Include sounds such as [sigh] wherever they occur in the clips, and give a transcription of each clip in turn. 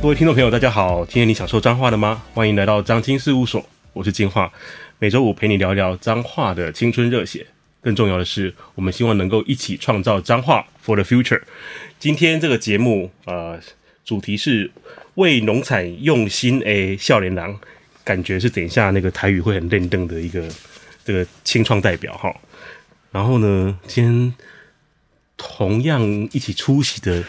各位聽眾朋友，大家好！今天你想說彰化的嗎？歡迎來到彰青事務所，我是金樺，每周五陪你聊一聊彰化的青春熱血。更重要的是，我們希望能夠一起創造彰化 for the future。今天這個節目，呃，主題是為農產用心，誒，孝廉狼感覺是等一下那個台語會很認真的一個這個青創代表哈。然後呢，先同樣一起出席的。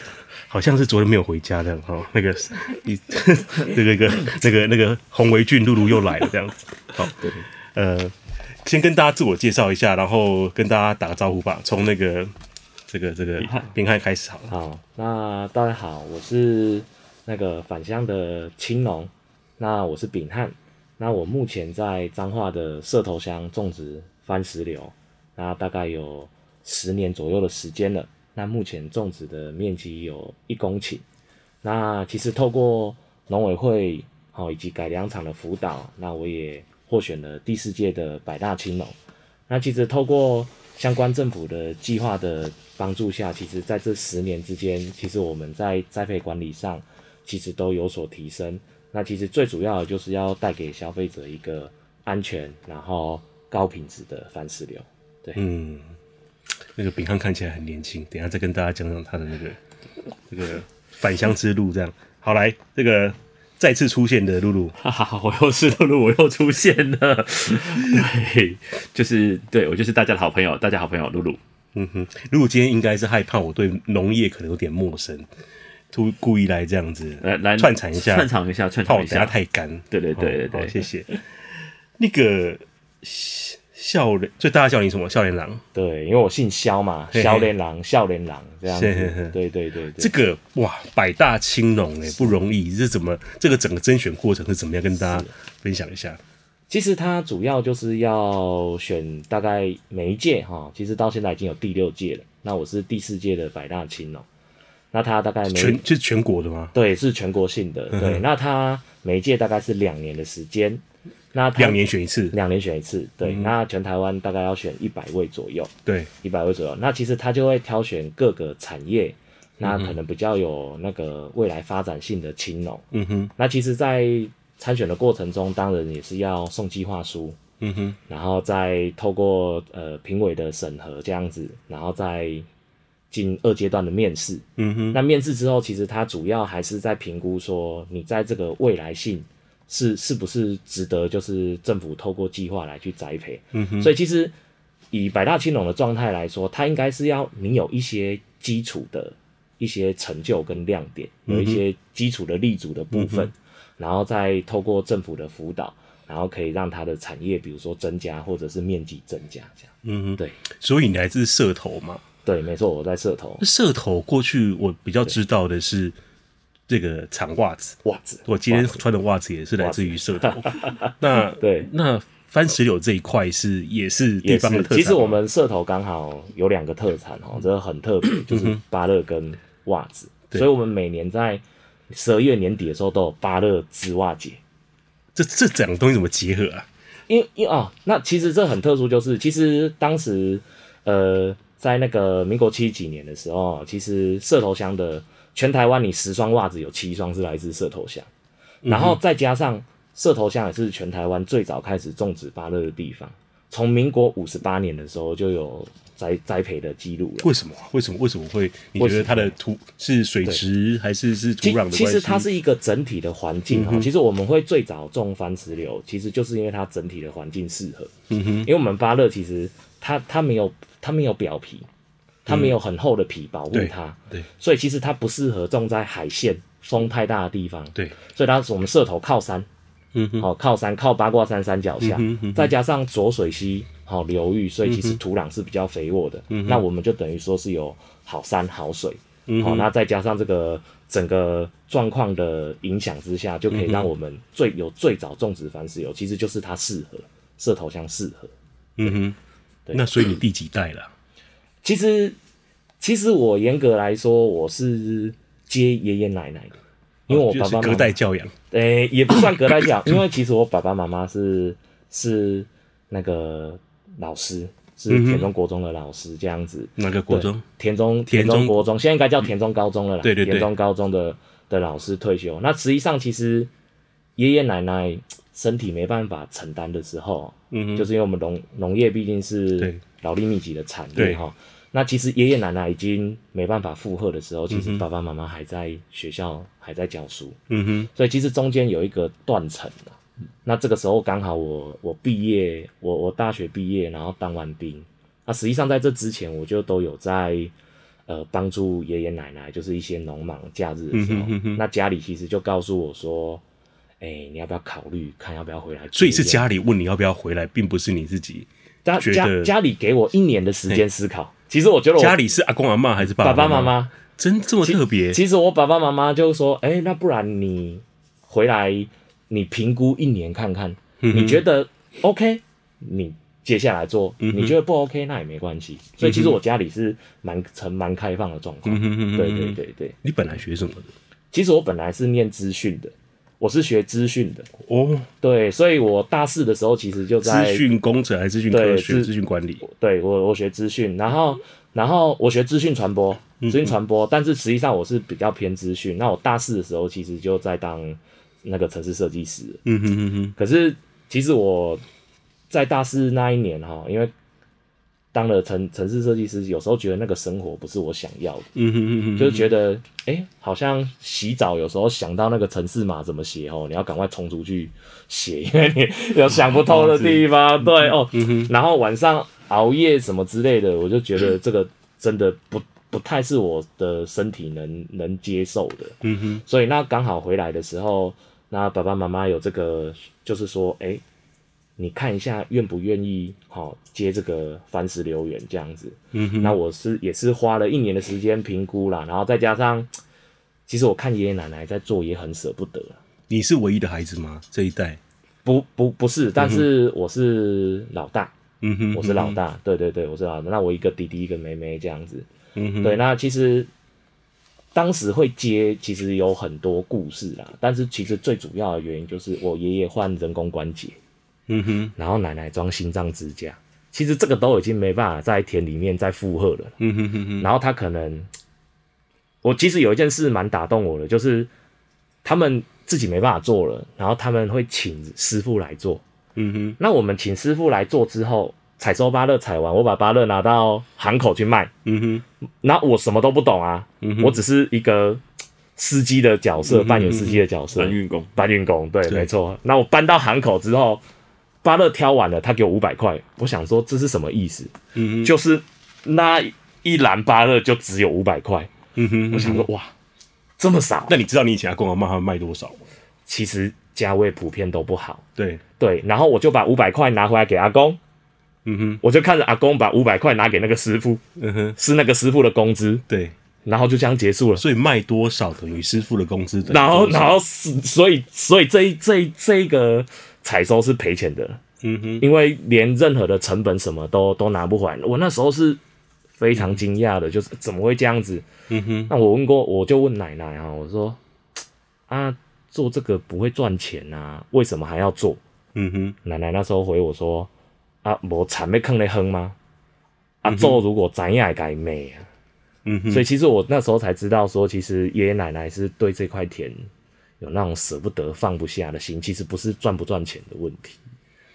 好像是昨天沒有回家這樣哈，那個你這、 [laughs] [laughs] 那個、那個這個那個洪維駿 Lulu 又來了這樣子，好、 [laughs] 哦，對呃，先跟大家自我介紹一下，然後跟大家打個招呼吧，從那個這個這個稟瀚好開始好，了好。好，那大家好，我是那個返鄉的青農，那我是稟瀚，那我目前在彰化的社頭鄉種植番石榴，那大概有十年左右的時間了。那目前種植的面積有一公頃。那其實透過農委會好、喔、以及改良場的輔導，那我也獲選了第四屆的百大青農。那其實透過相關政府的計劃的幫助下，其實在這十年之間，其實我們在栽培管理上其實都有所提升。那其實最主要的就是要帶給消費者一個安全然後高品質的番石榴。對，嗯。那個稟瀚看起來很年輕，等一下再跟大家講講他的那個這個返鄉之路，這樣好來。這個再次出現的露露，哈哈、啊，我又是露露，我又出現了。 [laughs] 對，就是對，我就是大家的好朋友，大家好朋友露露。嗯哼，露，露今天應該是害怕我對農業可能有點陌生，故意來這樣子來來串場一,一下，串場一下，串場一下，怕我等下太乾。對對對對、哦，謝謝。 [laughs] 那個。笑人，就大家叫你什麼？孝廉狼，對，因為我姓蕭嘛，孝廉狼，孝廉狼這樣子。是對,對對對，這個哇，百大青農哎，不容易。是這怎麼？這個整個甄選過程是怎麼樣？跟大家分享一下。其實它主要就是要選大概每一屆哈，其實到現在已經有第六屆了。那我是第四屆的百大青農，那他大概是全是全國的嗎？對，是全國性的。嗯、哼對，那他每一屆大概是兩年的時間。那兩年選一次，兩年選一次，對。嗯哼。那全台灣大概要選一百位左右，對，一百位左右。那其實他就會挑選各個產業，嗯哼。那可能比較有那個未來發展性的青農。嗯哼。那其實，在參選的過程中，當然也是要送計劃書。嗯哼。然後再透過呃評委的審核這樣子，然後再進二階段的面試。嗯哼。那面試之後，其實他主要還是在評估說你在這個未來性。是是不是值得？就是政府透過計劃來去栽培。嗯哼。所以其實以百大青農的狀態來說，它應該是要你有一些基礎的一些成就跟亮點，有一些基礎的立足的部分，嗯、哼然後再透過政府的輔導，嗯、哼然後可以讓它的產業，比如說增加或者是面積增加這樣。嗯哼對。所以你來自社投嘛？對，沒錯，我在社投。社投過去我比較知道的是。這個長襪子，襪子，子，我今天穿的襪子也是來自於社頭。 [laughs] [laughs] 那對，那番石榴這一塊是也是地方的特色。其實我們社頭剛好有兩個特產哦，這個、嗯喔、很特別，嗯、哼就是芭樂跟襪子。對所以我們每年在十二月年底的時候都有芭樂織襪節。這這兩個東西怎麼結合啊？因因啊、哦，那其實這很特殊，就是其實當時呃，在那個民國七十幾年的時候，其實社頭鄉的。全台灣，你十雙襪子有七雙是來自社頭鄉。嗯、哼然後再加上社頭鄉也是全台灣最早開始種植芭樂的地方，從民國五十八年的時候就有栽栽培的記錄了。為什麼？為什麼？為什麼會？你覺得它的土是水池對還是是土壤的其？其實它是一個整體的環境哈。嗯、哼其實我們會最早種番石榴，其實就是因為它整體的環境適合。嗯哼，因為我們芭樂其實它它沒有它沒有表皮。它沒有很厚的皮保護它，對，所以其實它不適合種在海線風太大的地方，對，所以它是我們社頭靠山，嗯好靠山靠八卦山山腳下，再加上濁水溪好流域，所以其實土壤是比較肥沃的，嗯，那我們就等於說是有好山好水，嗯，好，那再加上這個整個狀況的影響之下，就可以讓我們最有最早種植番石榴，其實就是它適合社頭鄉適合，嗯哼，對，那所以你第幾代了？其實，其實我嚴格來說，我是接爺爺奶奶的，因為我爸爸媽媽、哦，就是、隔代教養、欸，也不算隔代教養， [coughs] 因為其實我爸爸媽媽是是那個老師，嗯、哼是田中國中的老師，這樣子。那個國中？田中田中國中，現在應該叫田中高中了啦。嗯、對對對。田中高中的的老師退休，那實際上其實爺爺奶奶身體沒辦法承擔的時候，嗯、哼就是因為我們農農業畢竟是對勞力密集的產業哈。.那其實爺爺奶奶已經沒辦法負荷的時候，嗯、哼其實爸爸媽媽還在學校還在教書，嗯哼，所以其實中間有一個斷層，那這個時候剛好我我畢業，我我大學畢業，然後當完兵，那、啊、實際上在這之前我就都有在呃幫助爺爺奶奶，就是一些農忙假日的時候，嗯、哼哼，那家裡其實就告訴我說，哎，你要不要考慮看要不要回來？所以是家裡問你要不要回來，並不是你自己。家家得家裡給我一年的時間思考，欸、其實我覺得我家裡是阿公阿嬤還是爸爸媽媽真這麼特別？其實我爸爸媽媽就說：“哎、欸，那不然你回來，你評估一年看看，嗯、哼你覺得 OK，你接下來做，嗯、哼你覺得不 OK，那也沒關係。嗯哼”所以其實我家裡是蠻成蠻開放的狀況。嗯、哼對對對對，你本來學什麼的？其實我本來是念資訊的。我是學資訊的哦，對，所以我大四的時候其實就在資訊工程還是資訊科學、資訊管理。對，我我學資訊，然後然後我學資訊傳播，資訊傳播，嗯嗯但是實際上我是比較偏資訊。那我大四的時候其實就在當那個程式設計師。嗯哼哼哼，可是其實我在大四那一年哈，因為。當了程程式設計師，有時候覺得那個生活不是我想要的，嗯，哼嗯，哼嗯哼就是覺得誒、欸、好像洗澡有時候想到那個程式碼怎麼寫哦，你要趕快衝出去寫，因為你有想不通的地方，好好對、嗯、哼哦，然後晚上熬夜什麼之類的，我就覺得這個真的不不太是我的身體能能接受的，嗯哼所以那剛好回來的時候，那爸爸媽媽有這個，就是說誒、欸你看一下願不願意，好、哦、接這個番石榴園這樣子。嗯哼，那我是也是花了一年的時間評估了，然後再加上，其實我看爺爺奶奶在做也很捨不得。你是唯一的孩子嗎？這一代？不不不是，但是我是老大。嗯哼，我是老大。對對對，我是老大。那我一個弟弟一個妹妹這樣子。嗯哼，對。那其實當時會接，其實有很多故事啦，但是其實最主要的原因就是我爺爺換人工關節。嗯哼，然後奶奶裝心臟支架，其實這個都已經沒辦法在田裡面再負荷了。嗯哼哼哼，然後他可能，我其實有一件事蠻打動我的，就是他們自己沒辦法做了，然後他們會請師傅來做。嗯哼，那我們請師傅來做之後，採收芭樂採完，我把芭樂拿到漢口去賣。嗯哼，那我什麼都不懂啊，嗯、哼我只是一個司機的角色，嗯、哼哼扮演司機的角色，嗯、哼哼搬運工，搬運工，對，是沒錯。那我搬到漢口之後。芭樂挑完了，他給我五百塊。我想說，這是什麼意思？嗯哼，就是那一籃芭樂就只有五百塊。嗯哼嗯哼。我想說，哇，這麼少。那你知道你以前阿公阿媽他們賣多少嗎？其實價位普遍都不好。對對，然後我就把五百塊拿回來給阿公。嗯哼，我就看着阿公把五百塊拿給那個師傅。嗯哼，是那個師傅的工資。對，然後就這樣結束了。所以賣多少等於師傅的工資？然後然後是所以所以，所以這一這一這一個。採收是賠錢的，嗯、哼因為連任何的成本什麼都都拿不回來，我那時候是非常驚訝的，嗯、哼就是怎麼會這樣子？嗯哼那我問過，我就問奶奶啊，我說啊做這個不會賺錢啊，為什麼還要做？嗯哼奶奶那時候回我說啊，我慘沒坑你哼嗎？啊、嗯、哼做如果怎樣也該賣啊。嗯哼所以其實我那時候才知道說，其實爺爺奶奶是對這塊田。有那種捨不得放不下的心，其實不是賺不賺錢的問題。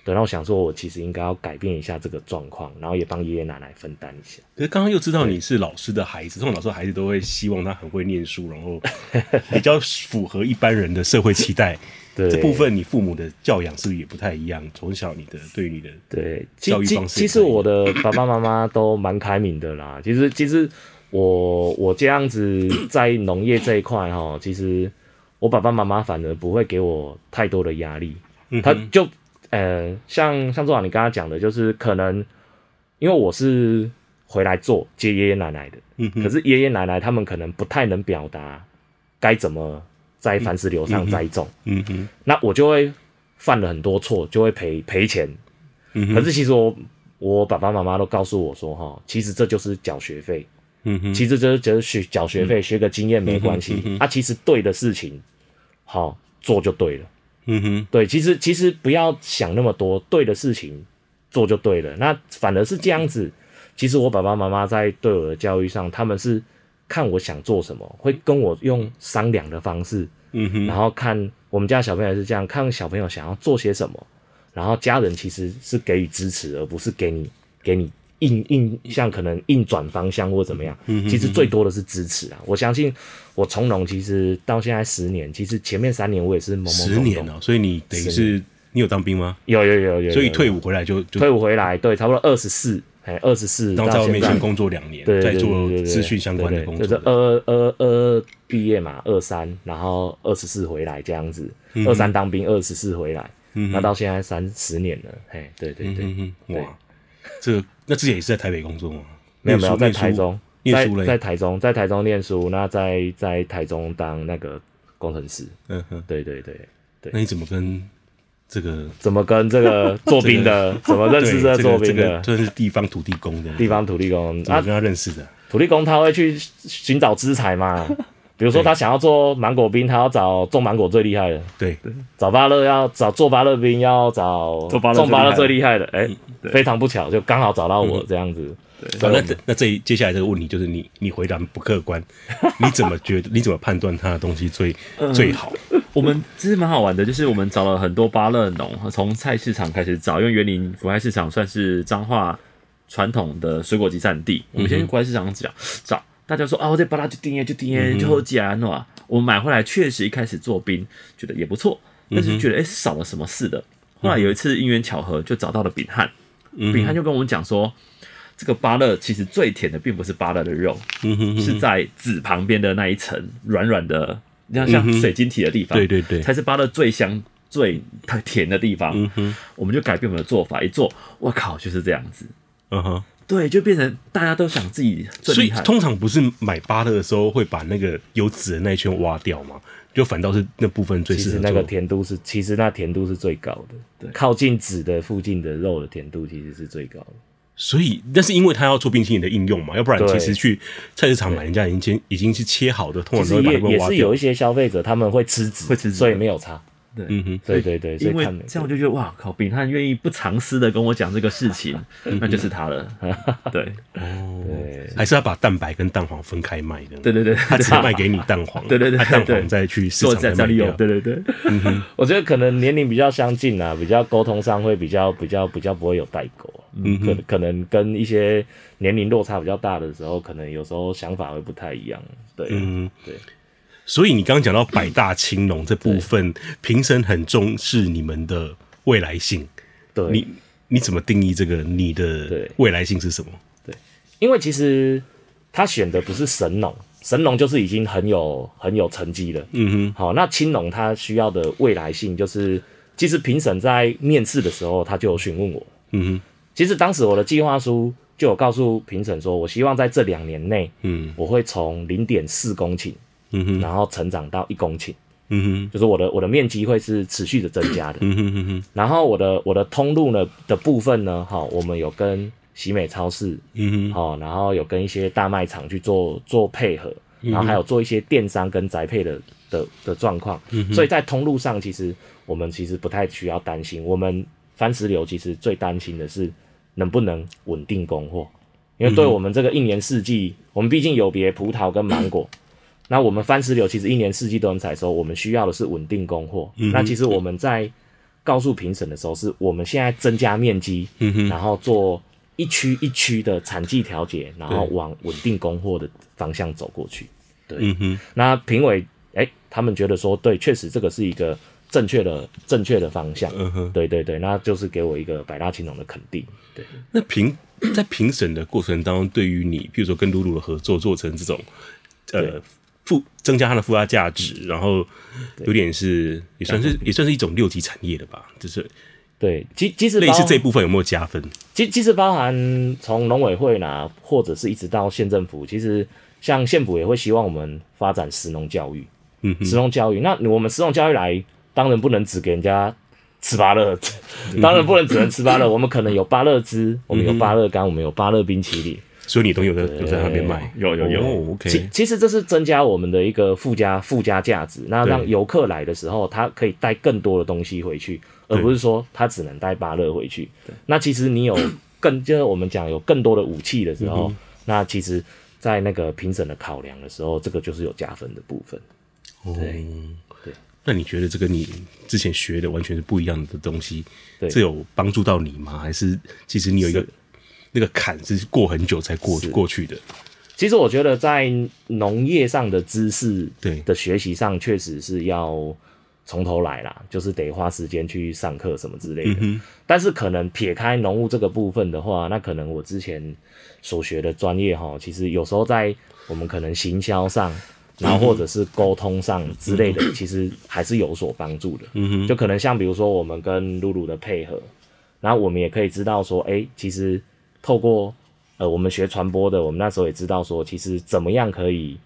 對，然後我想說，我其實應該要改變一下這個狀況，然後也幫爺爺奶奶分擔一下。可是剛剛又知道你是老師的孩子，對這種老師的孩子都會希望他很會念書，然後比較符合一般人的社會期待。 [laughs] 這部分你父母的教養是不是也不太一樣？從對小你的對你的對教育方式，其實我的爸爸媽媽都蠻開明的啦。 [coughs] 其實，其實我我這樣子在農業這一塊哈，其實。我爸爸媽媽反而不會給我太多的壓力，嗯、哼他就呃，像像周晚你剛剛講的，就是可能因為我是回來做接爺爺奶奶的，嗯哼，可是爺爺奶奶他們可能不太能表達該怎麼在繁殖流上栽種，嗯，那我就會犯了很多錯，就會賠賠錢，嗯哼，可是其實我我爸爸媽媽都告訴我說哈，其實這就是繳學費。嗯哼，其實就是只是學繳學費，嗯、學個經驗沒關係。嗯嗯嗯嗯、啊，其實對的事情，好、哦、做就對了。嗯哼，嗯對，其實其實不要想那麼多，對的事情做就對了。那反而是這樣子，其實我爸爸媽媽在對我的教育上，他們是看我想做什麼，會跟我用商量的方式。嗯哼，嗯嗯然後看我們家小朋友是這樣，看小朋友想要做些什麼，然後家人其實是給予支持，而不是給你給你。硬硬像可能硬轉方向或怎麼樣，其實最多的是支持啊！我相信我從農，其實到現在十年，其實前面三年我也是懵懵懂懂。十年哦，所以你等於是你有當兵嗎？有有有有。所以退伍回來就退伍回來，對，差不多二十四嘿，二十四到那面先工作兩年，再做資訊相關的工作，就是二二二二畢業嘛，二三然後二十四回來這樣子，二三當兵，二十四回來，那到現在三十年了，嘿，對對對，哇。這個、那之前也是在台北工作嗎？沒有沒有，在台中念書了，在台中，在台中念書，那在在台中當那個工程師。嗯哼，對對對，對那你怎麼跟這個怎麼跟這個做兵的、這個、怎麼認識這個做兵的？認、這個這個、是地方土地公的，地方土地公，怎麼跟他認識的？啊、土地公他會去尋找資材嘛？比如說，他想要做芒果冰，他要找種芒果最厲害的。對，找芭樂要找做芭樂冰，要找種芭樂最厲害的。哎，非常不巧，就剛好找到我這樣子。那那這接下來這個問題就是你你回答不客觀，你怎麼覺得？你怎麼判斷他的東西最最好？我們其實蠻好玩的，就是我們找了很多芭樂農，從菜市場開始找，因為員林果菜市場算是彰化傳統的水果集散地。我們先去果菜市場找找。大家說啊，這巴拉就 d 耶，就 d n 就加諾啊！嗯、哼我買回來確實一開始做冰，覺得也不錯，但是覺得哎、嗯哼欸、少了什麼似的。嗯、哼後來有一次因緣巧合，就找到了稟瀚，嗯、哼稟瀚就跟我們講說，這個芭樂其實最甜的並不是芭樂的肉，嗯、哼哼是在籽旁邊的那一層軟軟的，你看像水晶體的地方，嗯、對對對，才是芭樂最香最甜的地方。嗯、哼我們就改變我們的做法，一做，我靠，就是這樣子。嗯哼、uh。Huh. 對，就變成大家都想自己最厲害的。所以通常不是買芭樂的,的時候會把那個有籽的那一圈挖掉嗎？就反倒是那部分最的其實那個甜度是其實那甜度是最高的。對，靠近籽的附近的肉的甜度其實是最高的。所以，但是因為它要做冰淇淋的應用嘛，要不然其實去菜市場買人家已經,對已,經已經是切好的，通常都會把那個挖掉。也是有一些消費者他們會吃籽，會吃籽，所以沒有差。對，對對，因為這樣我就覺得哇靠，稟瀚他願意不藏私的跟我講這個事情，那就是他了，對，對，還是要把蛋白跟蛋黃分開賣的，對對對，他只賣給你蛋黃，對對對，蛋黃再去市場裡有用，對對對，我覺得可能年齡比較相近啊，比較溝通上會比較比較比較不會有代溝，嗯可可能，跟一些年齡落差比較大的時候，可能有時候想法會不太一樣，對，嗯，對。所以你剛剛講到百大青農這部分，評審對很重視你們的未來性。對，你你怎麼定義這個？你的未來性是什麼對？對，因為其實他選的不是神農，神農就是已經很有很有成績了。嗯哼，好，那青農他需要的未來性，就是其實評審在面試的時候，他就有詢問我。嗯哼，其實當時我的計劃書就有告訴評審說，我希望在這兩年內，嗯，我會從零點四公頃。嗯哼，然後成長到一公頃，嗯哼，就是我的我的面積會是持續的增加的，嗯哼，嗯哼，然後我的我的通路呢的部分呢，哈、哦，我們有跟喜美超市，嗯哼、哦，然後有跟一些大賣場去做做配合，嗯哼，然後還有做一些電商跟宅配的的的、的狀況，嗯哼，所以在通路上，其實我們其實不太需要擔心，我們番石榴其實最擔心的是能不能穩定供貨，因為對我們這個一年四季，我們畢竟有別葡萄跟芒果。嗯哼，嗯哼那我們番石榴其實一年四季都能採收，我們需要的是穩定供貨。嗯、哼那其實我們在告訴評審的時候，是我們現在增加面積，嗯、哼然後做一區一區的產季調節，然後往穩定供貨的方向走過去。對，嗯、哼那評委哎，他們覺得說，對，確實這個是一個正確的正確的方向。嗯、哼對對對，那就是給我一個百大青農的肯定。對，那評在評審的過程當中，對於你，譬如說跟露露的合作，做成這種呃。附增加它的附加價值，然後有點是也算是也算是一種六級產業的吧，就是對，其其實類似這一部分有沒有加分？其其實包含從農委會啦，或者是一直到縣政府，其實像縣府也會希望我們發展食農教育。嗯哼，食農教育，那我們食農教育來，當然不能只給人家吃芭樂，當然不能只能吃芭樂，嗯、哼我們可能有芭樂汁，我們有芭樂乾，嗯、哼我們有芭樂冰淇淋。所以你都有在在那邊賣，對有有有。哦、okay 其其實這是增加我們的一個附加附加價值，那讓遊客來的時候，他可以帶更多的東西回去，而不是說他只能帶芭樂回去。對那其實你有更， [coughs] 就是我們講有更多的武器的時候，嗯、哼那其實在那個評審的考量的時候，這個就是有加分的部分。對、哦、對，那你覺得這個你之前學的完全是不一樣的東西，對這有幫助到你嗎？還是其實你有一個？那個坎是過很久才過是過去的。其實我覺得在農業上的知識，對的學習上確實是要從頭來啦，就是得花時間去上課什麼之類的。嗯、哼但是可能撇開農務這個部分的話，那可能我之前所學的專業哈，其實有時候在我們可能行銷上，然後或者是溝通上之類的，嗯、哼其實還是有所幫助的。嗯哼，就可能像比如說我們跟露露的配合，然後我們也可以知道說，哎、欸，其實。透過，呃，我們學傳播的，我們那時候也知道說，其實怎麼樣可以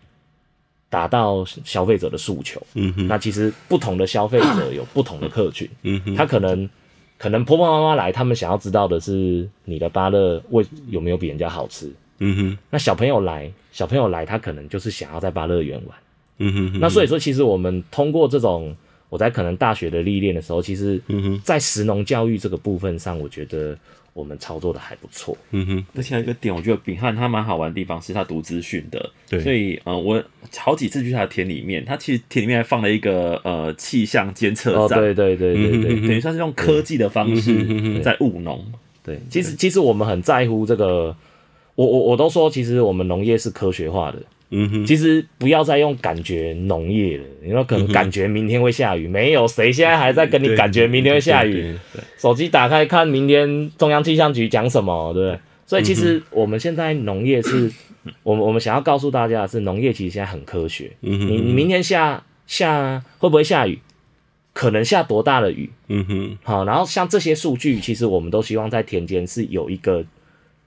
達到消費者的訴求。嗯哼那其實不同的消費者有不同的客群。嗯哼他可能，可能婆婆媽媽來，他們想要知道的是你的芭樂味有沒有比人家好吃。嗯哼那小朋友來，小朋友來，他可能就是想要在芭樂園玩。嗯哼那所以說，其實我們通過這種我在可能大學的歷練的時候，其實，在食農教育這個部分上，我覺得。我們操作的還不錯，嗯哼。那現在有個點，我覺得稟瀚他蠻好玩的地方是他讀資訊的，對。所以呃，我好幾次去他的田裡面，他其實田裡面還放了一個呃氣象監測站，對對對對嗯哼嗯哼對，等於算是用科技的方式在務農。對，對對，其實其實我們很在乎這個，我我我都說，其實我們農業是科學化的。嗯哼，其實不要再用感覺農業了，你說可能感覺明天會下雨，嗯、哼沒有誰現在還在跟你感覺明天會下雨。手機打開看明天中央氣象局講什麼，對不對？所以其實我們現在農業是，嗯、哼我們我們想要告訴大家的是，農業其實現在很科學。嗯哼，你明天下下會不會下雨？可能下多大的雨？嗯哼，好，然後像這些數據，其實我們都希望在田間是有一個。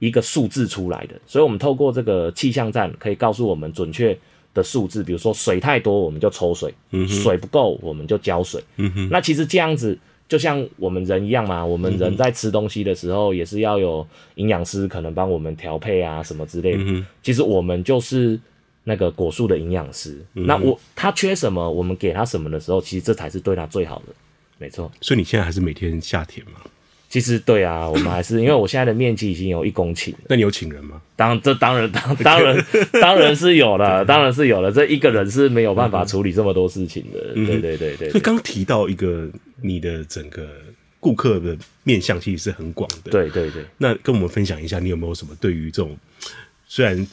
一個數字出來的，所以，我們透過這個氣象站可以告訴我們準確的數字。比如說水太多，我們就抽水；嗯、哼水不夠，我們就澆水。嗯、哼那其實這樣子就像我們人一樣嘛，我們人在吃東西的時候、嗯、哼也是要有營養師可能幫我們調配啊什麼之類的。嗯、哼其實我們就是那個果樹的營養師。嗯、哼那我他缺什麼，我們給他什麼的時候，其實這才是對他最好的。沒錯。所以你現在還是每天下田嗎？其實對啊，我們還是，因為我現在的面積已經有一公頃。那你有請人嗎？當這當然當當然當然，Okay. 當然是有了。當然是有了。這一個人是沒有辦法處理這麼多事情的。嗯、哼對，對對對對。所以剛提到一個，你的整個顧客的面向其實是很廣的。對對對。那跟我們分享一下，你有沒有什麼對於這種，雖然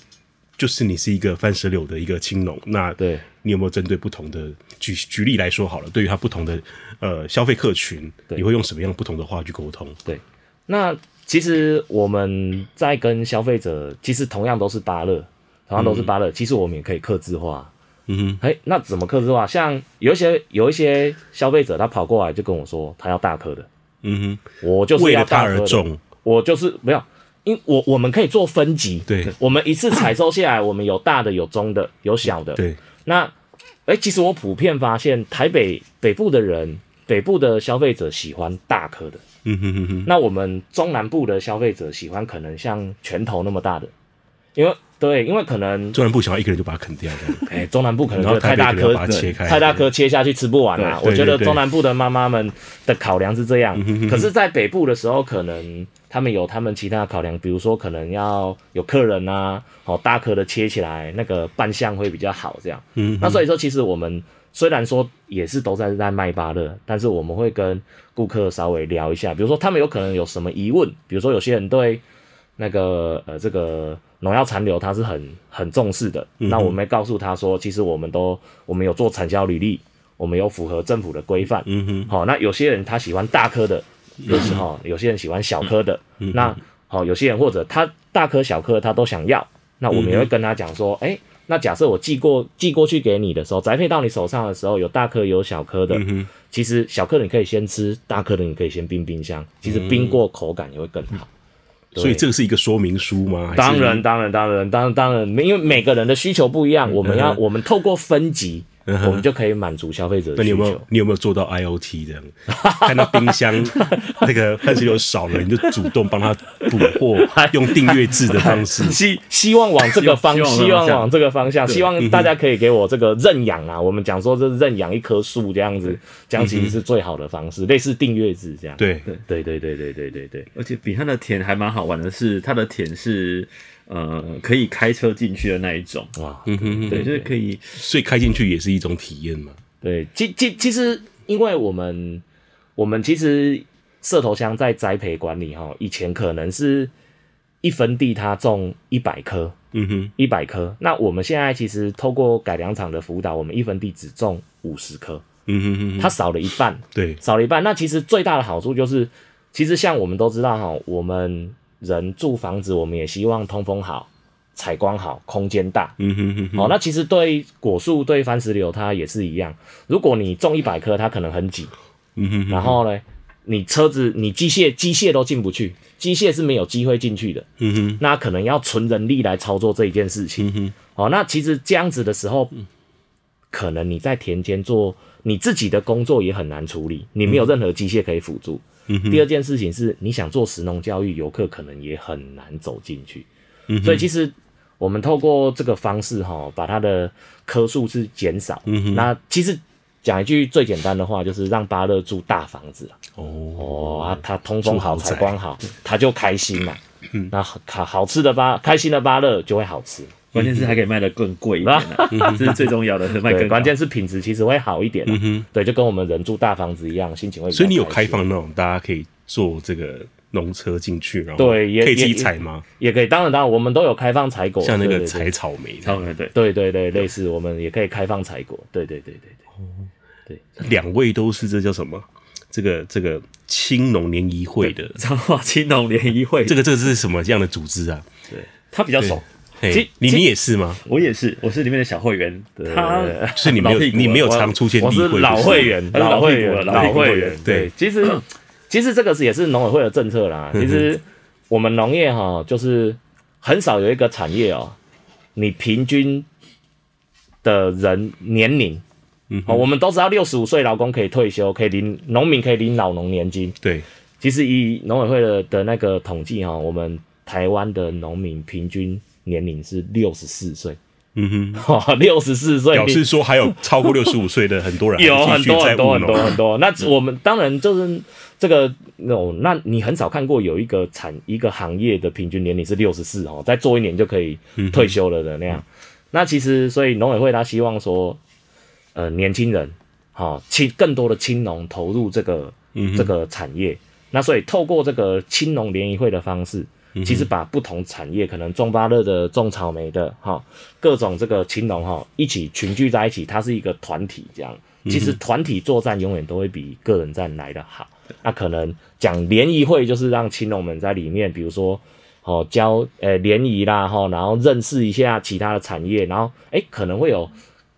就是你是一個番石榴的一個青農，那對你有沒有針對不同的，舉舉例來說好了，對於它不同的。呃，消費客群，對你會用什麼樣不同的話去溝通？對，那其實我們在跟消費者，其實同樣都是芭樂，同樣都是芭樂，嗯、其實我們也可以客製化。嗯哼，哎、欸，那怎麼客製化？像有一些有一些消費者，他跑過來就跟我說，他要大顆的。嗯哼，我就是要大為了而重，我就是沒有，因為我我們可以做分級。對，我們一次採收下來， [coughs] 我們有大的，有中的，有小的。對，那哎、欸，其實我普遍發現台北北部的人。北部的消費者喜歡大顆的。嗯哼哼，那我們中南部的消費者喜歡可能像拳頭那麼大的。因為對，因為可能中南部想要一個人就把它啃掉這樣，誒、欸、中南部可能就太大顆，太大顆切下去吃不完啊！對對對對，我覺得中南部的媽媽們的考量是這樣，嗯、哼哼，可是，在北部的時候，可能他們有他們其他的考量，比如說可能要有客人啊，哦，大顆的切起來那個扮相會比較好，這樣。嗯、哼那所以說，其實我們。雖然說也是都在在賣芭樂，但是我們會跟顧客稍微聊一下，比如說他們有可能有什麼疑問，比如說有些人對那個呃這個農藥殘留他是很很重視的，嗯、哼那我們會告訴他說，其實我們都我們有做產銷履歷，我們有符合政府的規範。嗯哼。好，那有些人他喜歡大顆的，有時候有些人喜歡小顆的，嗯、哼那好，有些人或者他大顆小顆他都想要，那我們也會跟他講說，哎、嗯哼。欸那假設我寄過寄過去給你的時候，宅配到你手上的時候，有大顆有小顆的，嗯、哼其實小顆的你可以先吃，大顆的你可以先冰冰箱，其實冰過口感也會更好。嗯嗯、所以這個是一個說明書嗎？當然對，當然，當然，當然，當然，因為每個人的需求不一樣，嗯、哼我們要我們透過分級。我們就可以滿足消費者的。那你有沒有你有沒有做到 IOT 這樣？看到冰箱那個番茄有少了，你就主動幫他補貨，用訂閱制的方式。希希望往這個方希望往這個方向，希望大家可以給我這個認養啊。我們講說這是認養一棵樹這樣子，這樣其實是最好的方式，類似訂閱制這樣。對對對對對對對對對。而且比他的田還蠻好玩的是，他的田是。呃，可以開車進去的那一種哇，對，就是可以，所以開進去也是一種體驗嘛。對，其其其實，因為我們我們其實射頭槍在栽培管理哈，以前可能是一分地它種一百棵，嗯哼，一百棵。那我們現在其實透過改良場的輔導，我們一分地只種五十棵，嗯哼嗯哼，它少了一半，對，少了一半。那其實最大的好處就是，其實像我們都知道哈，我們。人住房子，我們也希望通風好、採光好、空間大。嗯哼哼。哦。那其實對果樹、對番石榴，它也是一樣。如果你種一百棵，它可能很擠。嗯 [laughs] 然後呢，你車子、你機械、機械都進不去，機械是沒有機會進去的。嗯哼。那可能要純人力來操作這一件事情、 [laughs] [laughs] 哦。那其實這樣子的時候，可能你在田間做。你自己的工作也很難處理，你沒有任何機械可以輔助。嗯、哼第二件事情是你想做食農教育，遊客可能也很難走進去。嗯、哼所以其實我們透過這個方式哈，把它的棵數是減少。嗯、哼那其實講一句最簡單的話，就是讓芭樂住大房子哦，它，哦、通風好、採光好，它就開心嘛。嗯、那好好吃的芭，開心的芭樂就會好吃。關鍵是還可以賣得更貴一點呢，這是最重要的，是賣更關鍵是品質其實會好一點。嗯哼，對，就跟我們人住大房子一樣，心情會好。所以你有開放那種，大家可以坐這個農車進去，然後對，可以自己採嗎？也可以，當然，當然，我們都有開放採果，像那個採草莓，對，對，對，類似，我們也可以開放採果，對，對，對，對，對，兩位都是這叫什麼？這個這個青農聯誼會的，彰化，青農聯誼會，這個這個是什麼樣的組織啊？對，他比較熟。你你也是嗎？我也是，我是裡面的小會員。對，是你沒有你沒有常出現。我是老會員，老會員，老會員。對，其實其實這個是也是農委會的政策啦。其實我們農業哈，就是很少有一個產業哦，你平均的人年齡，嗯，我們都知道六十五歲勞工可以退休，可以領農民可以領老農年金。對，其實以農委會的的那個統計哈，我們台灣的農民平均。年齡是六十四歲，嗯哼，六十四歲表示說還有超過六十五歲的很多人 [laughs] 有很多很多很多很多。那我們當然就是這個那種，嗯、那你很少看過有一個產一個行業的平均年齡是六十四哦，再做一年就可以退休了的那樣。嗯、哼那其實所以農委會他希望說，呃，年輕人，好、哦、更多的青農投入這個、嗯、哼這個產業。那所以透過這個青農聯誼會的方式。其實把不同產業，可能種芭樂的、種草莓的，哈，各種這個青農，哈，一起群聚在一起，它是一個團體這樣。其實團體作戰永遠都會比個人戰來得好。那可能講聯誼會，就是讓青農們在裡面，比如說，哦，交誒聯誼啦，哈，然後認識一下其他的產業，然後誒、欸、可能會有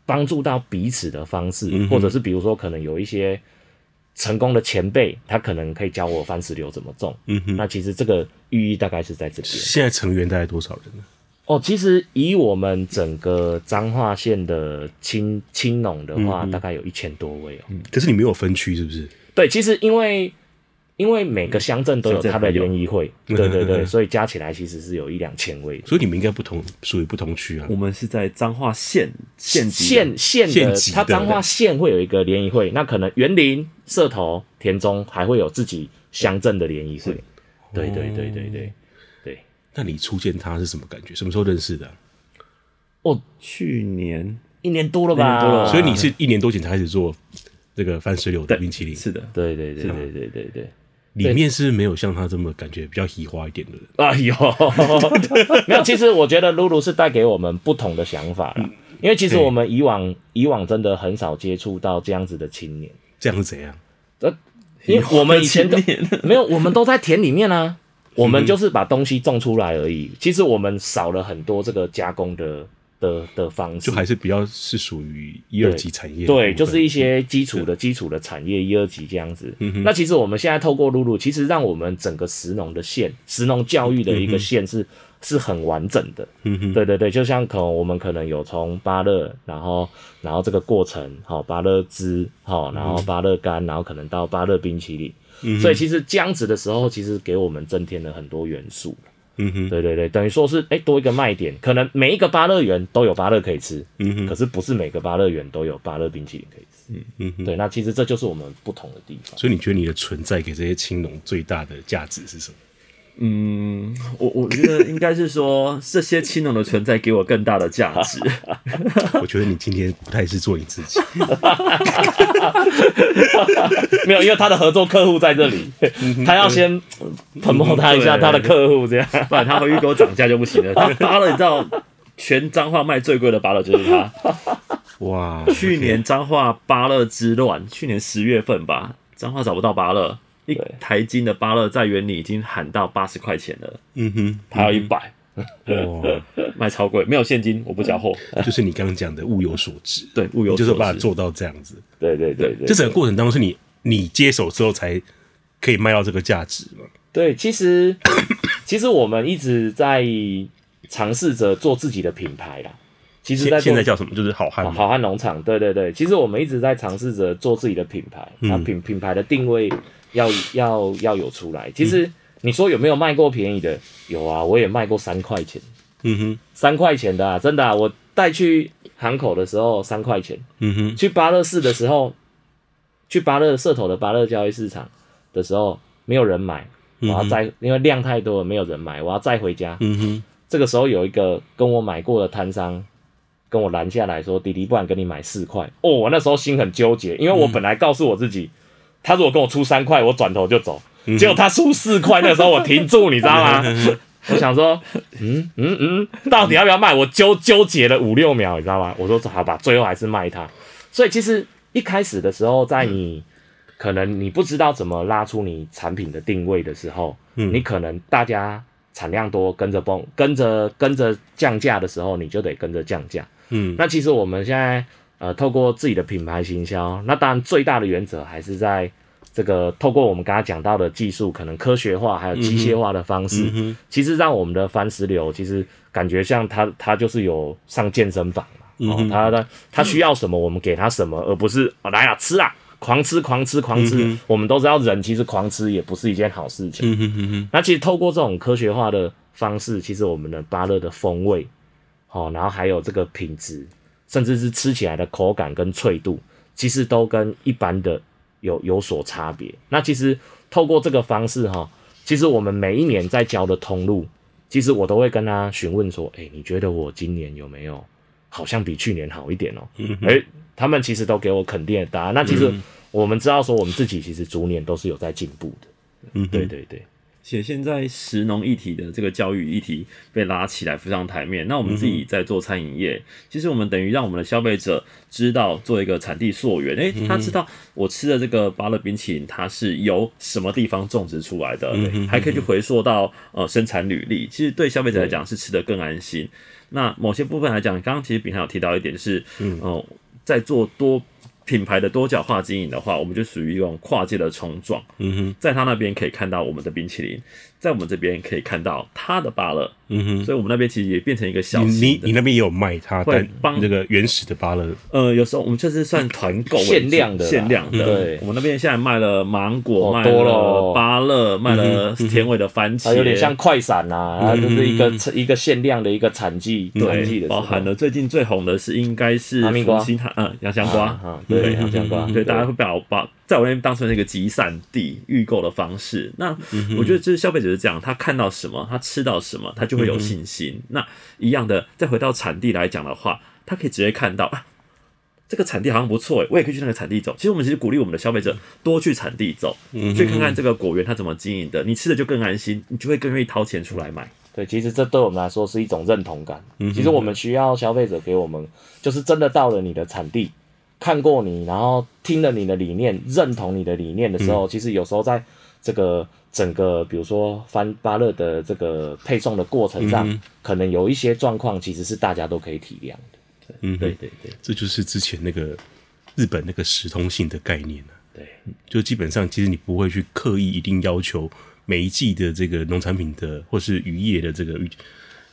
幫助到彼此的方式，或者是比如說可能有一些成功的前輩，他可能可以教我番石榴怎麼種。嗯哼，那其實這個。寓意大概是在這邊。現在成員大概多少人呢？哦，其實以我們整個彰化縣的青青農的話，嗯、大概有一千多位哦、喔嗯。可是你沒有分區是不是？對，其實因為因為每個鄉鎮都有它的聯誼會，對對對，所以加起來其實是有一兩千位， [laughs] 所以你們應該不同屬於不同區啊。我們是在彰化縣縣級縣縣的，它彰化縣會有一個聯誼會，那可能員林、社頭、田中還會有自己鄉鎮的聯誼會。嗯嗯對對對對對，對，那你初見他是什麼感覺？什麼時候認識的？哦，去年一年多了吧，所以你是一年多前才開始做這個番石榴的冰淇淋，是的，對對對對對對對，裡面是沒有像他這麼感覺比較嘻哈一點的。哎呦，沒有，其實我覺得露露是帶給我們不同的想法啦，因為其實我們以往以往真的很少接觸到這樣子的青年，這樣是怎樣？呃。因為我們以前都沒有，我們都在田裡面啊，我們就是把東西種出來而已。其實我們少了很多這個加工的的的方式，就還是比較是屬於一二級產業。對，就是一些基礎的基礎的產業，一二級這樣子。那其實我們現在透過 Lulu，其實讓我們整個食農的線、食農教育的一個線是。是很完整的，嗯哼，對對對，就像可能我們可能有從芭樂，然後然後這個過程，好芭樂汁，好，然後芭樂乾，嗯、哼然後可能到芭樂冰淇淋，嗯哼，所以其實這樣子的時候，其實給我們增添了很多元素，嗯哼，對對對，等於說是，哎，多一個賣點，可能每一個芭樂園都有芭樂可以吃，嗯哼，可是不是每個芭樂園都有芭樂冰淇淋可以吃，嗯嗯、哼，對，那其實這就是我們不同的地方。所以你覺得你的存在給這些青農最大的價值是什麼？嗯，我我覺得應該是說，這些親人的存在給我更大的價值。 [laughs] 我覺得你今天不太是做你自己， [laughs] [laughs] 沒有，因為他的合作客戶在這裡，他要先捧他一下他的客戶，這樣、嗯嗯、不然他回去給我漲價就不行了。 [laughs] 他芭樂你知道，全彰化賣最貴的芭樂就是他。哇，去年彰化芭樂之亂，okay、去年十月份吧，彰化找不到芭樂。一台斤的芭樂在園裡已經喊到八十塊錢了。嗯，嗯哼，還要一百，呵呵。哇賣超貴，沒有現金我不交貨。嗯，就是你剛剛講的物有所值。嗯，對，物有所值，就是把它做到這樣子。對對對，對，對對對，這整個過程當中是你你接手之後才可以賣到這個價值嘛？對，其實其實我們一直在嘗試着做自己的品牌啦，其實在現在叫什麼？就是好瀚好瀚農場，對對對，其實我們一直在嘗試着做自己的品牌，啊品、嗯、品牌的定位。要要要有出來。其實你說有沒有賣過便宜的？嗯、有啊，我也賣過三塊錢。嗯哼，三塊錢的、啊，真的啊！我帶去行口的時候三塊錢。嗯哼，去芭樂市的時候，去芭樂社頭的芭樂交易市場的時候，沒有人買。我要再，嗯、哼因為量太多了，沒有人買，我要再回家。嗯哼，這個時候有一個跟我買過的攤商跟我攔下來說：“弟弟，不然給你買四塊。”哦，我那時候心很糾結，因為我本來告訴我自己。嗯他如果跟我出三塊，我轉頭就走。嗯、哼結果他出四塊，那個時候我停住， [laughs] 你知道嗎？ [laughs] 我想說，嗯嗯嗯，到底要不要賣？我糾糾結了五六秒，你知道嗎？我說好吧，最後還是賣他。所以其實一開始的時候，在你、嗯、可能你不知道怎麼拉出你產品的定位的時候，嗯、你可能大家產量多跟著，跟着崩，跟着跟着降價的時候，你就得跟着降價。嗯，那其實我們現在。呃，透過自己的品牌行銷，那當然最大的原則還是在這個透過我們剛才講到的技術，可能科學化還有機械化的方式，嗯嗯、其實讓我們的番石榴其實感覺像它它，就是有上健身房它哦，它、嗯、哼需要什麼我們給它什麼，而不是、哦、來啊吃啊，狂吃、狂吃、狂吃，狂吃嗯、哼我們都知道，人其實狂吃也不是一件好事情。嗯嗯、那其實透過這種科學化的方式，其實我們的芭樂的風味，好、哦，然後還有這個品質。甚至是吃起來的口感跟脆度，其實都跟一般的有有所差別。那其實透過這個方式齁，其實我們每一年在教的通路，其實我都會跟他詢問說，欸，你覺得我今年有沒有好像比去年好一點喔？嗯哼，欸，他們其實都給我肯定的答案。那其實我們知道說，我們自己其實逐年都是有在進步的。嗯哼，對對對。且現在食農議題的這個教育議題被拉起來，浮上台面。那我們自己在做餐飲業，嗯、哼其實我們等於讓我們的消費者知道做一個產地溯源，哎、欸，他知道我吃的這個芭樂冰淇淋，它是由什麼地方種植出來的，對，還可以去回溯到呃生產履歷。其實對消費者來講是吃得更安心。嗯、那某些部分來講，剛剛其實稟瀚有提到一點、就是，是、呃、哦，在做多。品牌的多角化經營的話，我們就屬於一種跨界的衝撞。嗯哼，在他那邊可以看到我們的冰淇淋。在我們這邊可以看到它的芭樂，嗯哼，所以我們那邊其實也變成一個小，你你那邊也有賣它，但幫這個原始的芭樂，呃，有時候我們就是算團購限量的，限量的。對，我們那邊現在賣了芒果，賣了芭樂，賣了甜味的番茄，有點像快閃吶，就是一個一個限量的一個產季，對，包含了最近最紅的是應該是哈密瓜，嗯，洋香瓜哈，對，洋香瓜，對，大家會比較棒。在我那邊當成一個集散地，預購的方式。那我覺得就是消費者是這樣，他看到什麼，他吃到什麼，他就會有信心。嗯、哼那一樣的，再回到產地來講的話，他可以直接看到啊，這個產地好像不錯誒，我也可以去那個產地走。其實我們其實鼓勵我們的消費者多去產地走，去看看這個果園它怎麼經營的，你吃的就更安心，你就會更願意掏錢出來買。對，其實這對我們來說是一種認同感。其實我們需要消費者給我們，就是真的到了你的產地，看過你，然後聽了你的理念，認同你的理念的時候，嗯、其實有時候在這個整個，比如說翻芭樂的這個配送的過程上，嗯、哼可能有一些狀況，其實是大家都可以體諒的。對，嗯、哼對對對，這就是之前那個日本那個時通性的概念、啊、對，就基本上其實你不會去刻意一定要求每一季的這個農產品的或是漁業的這個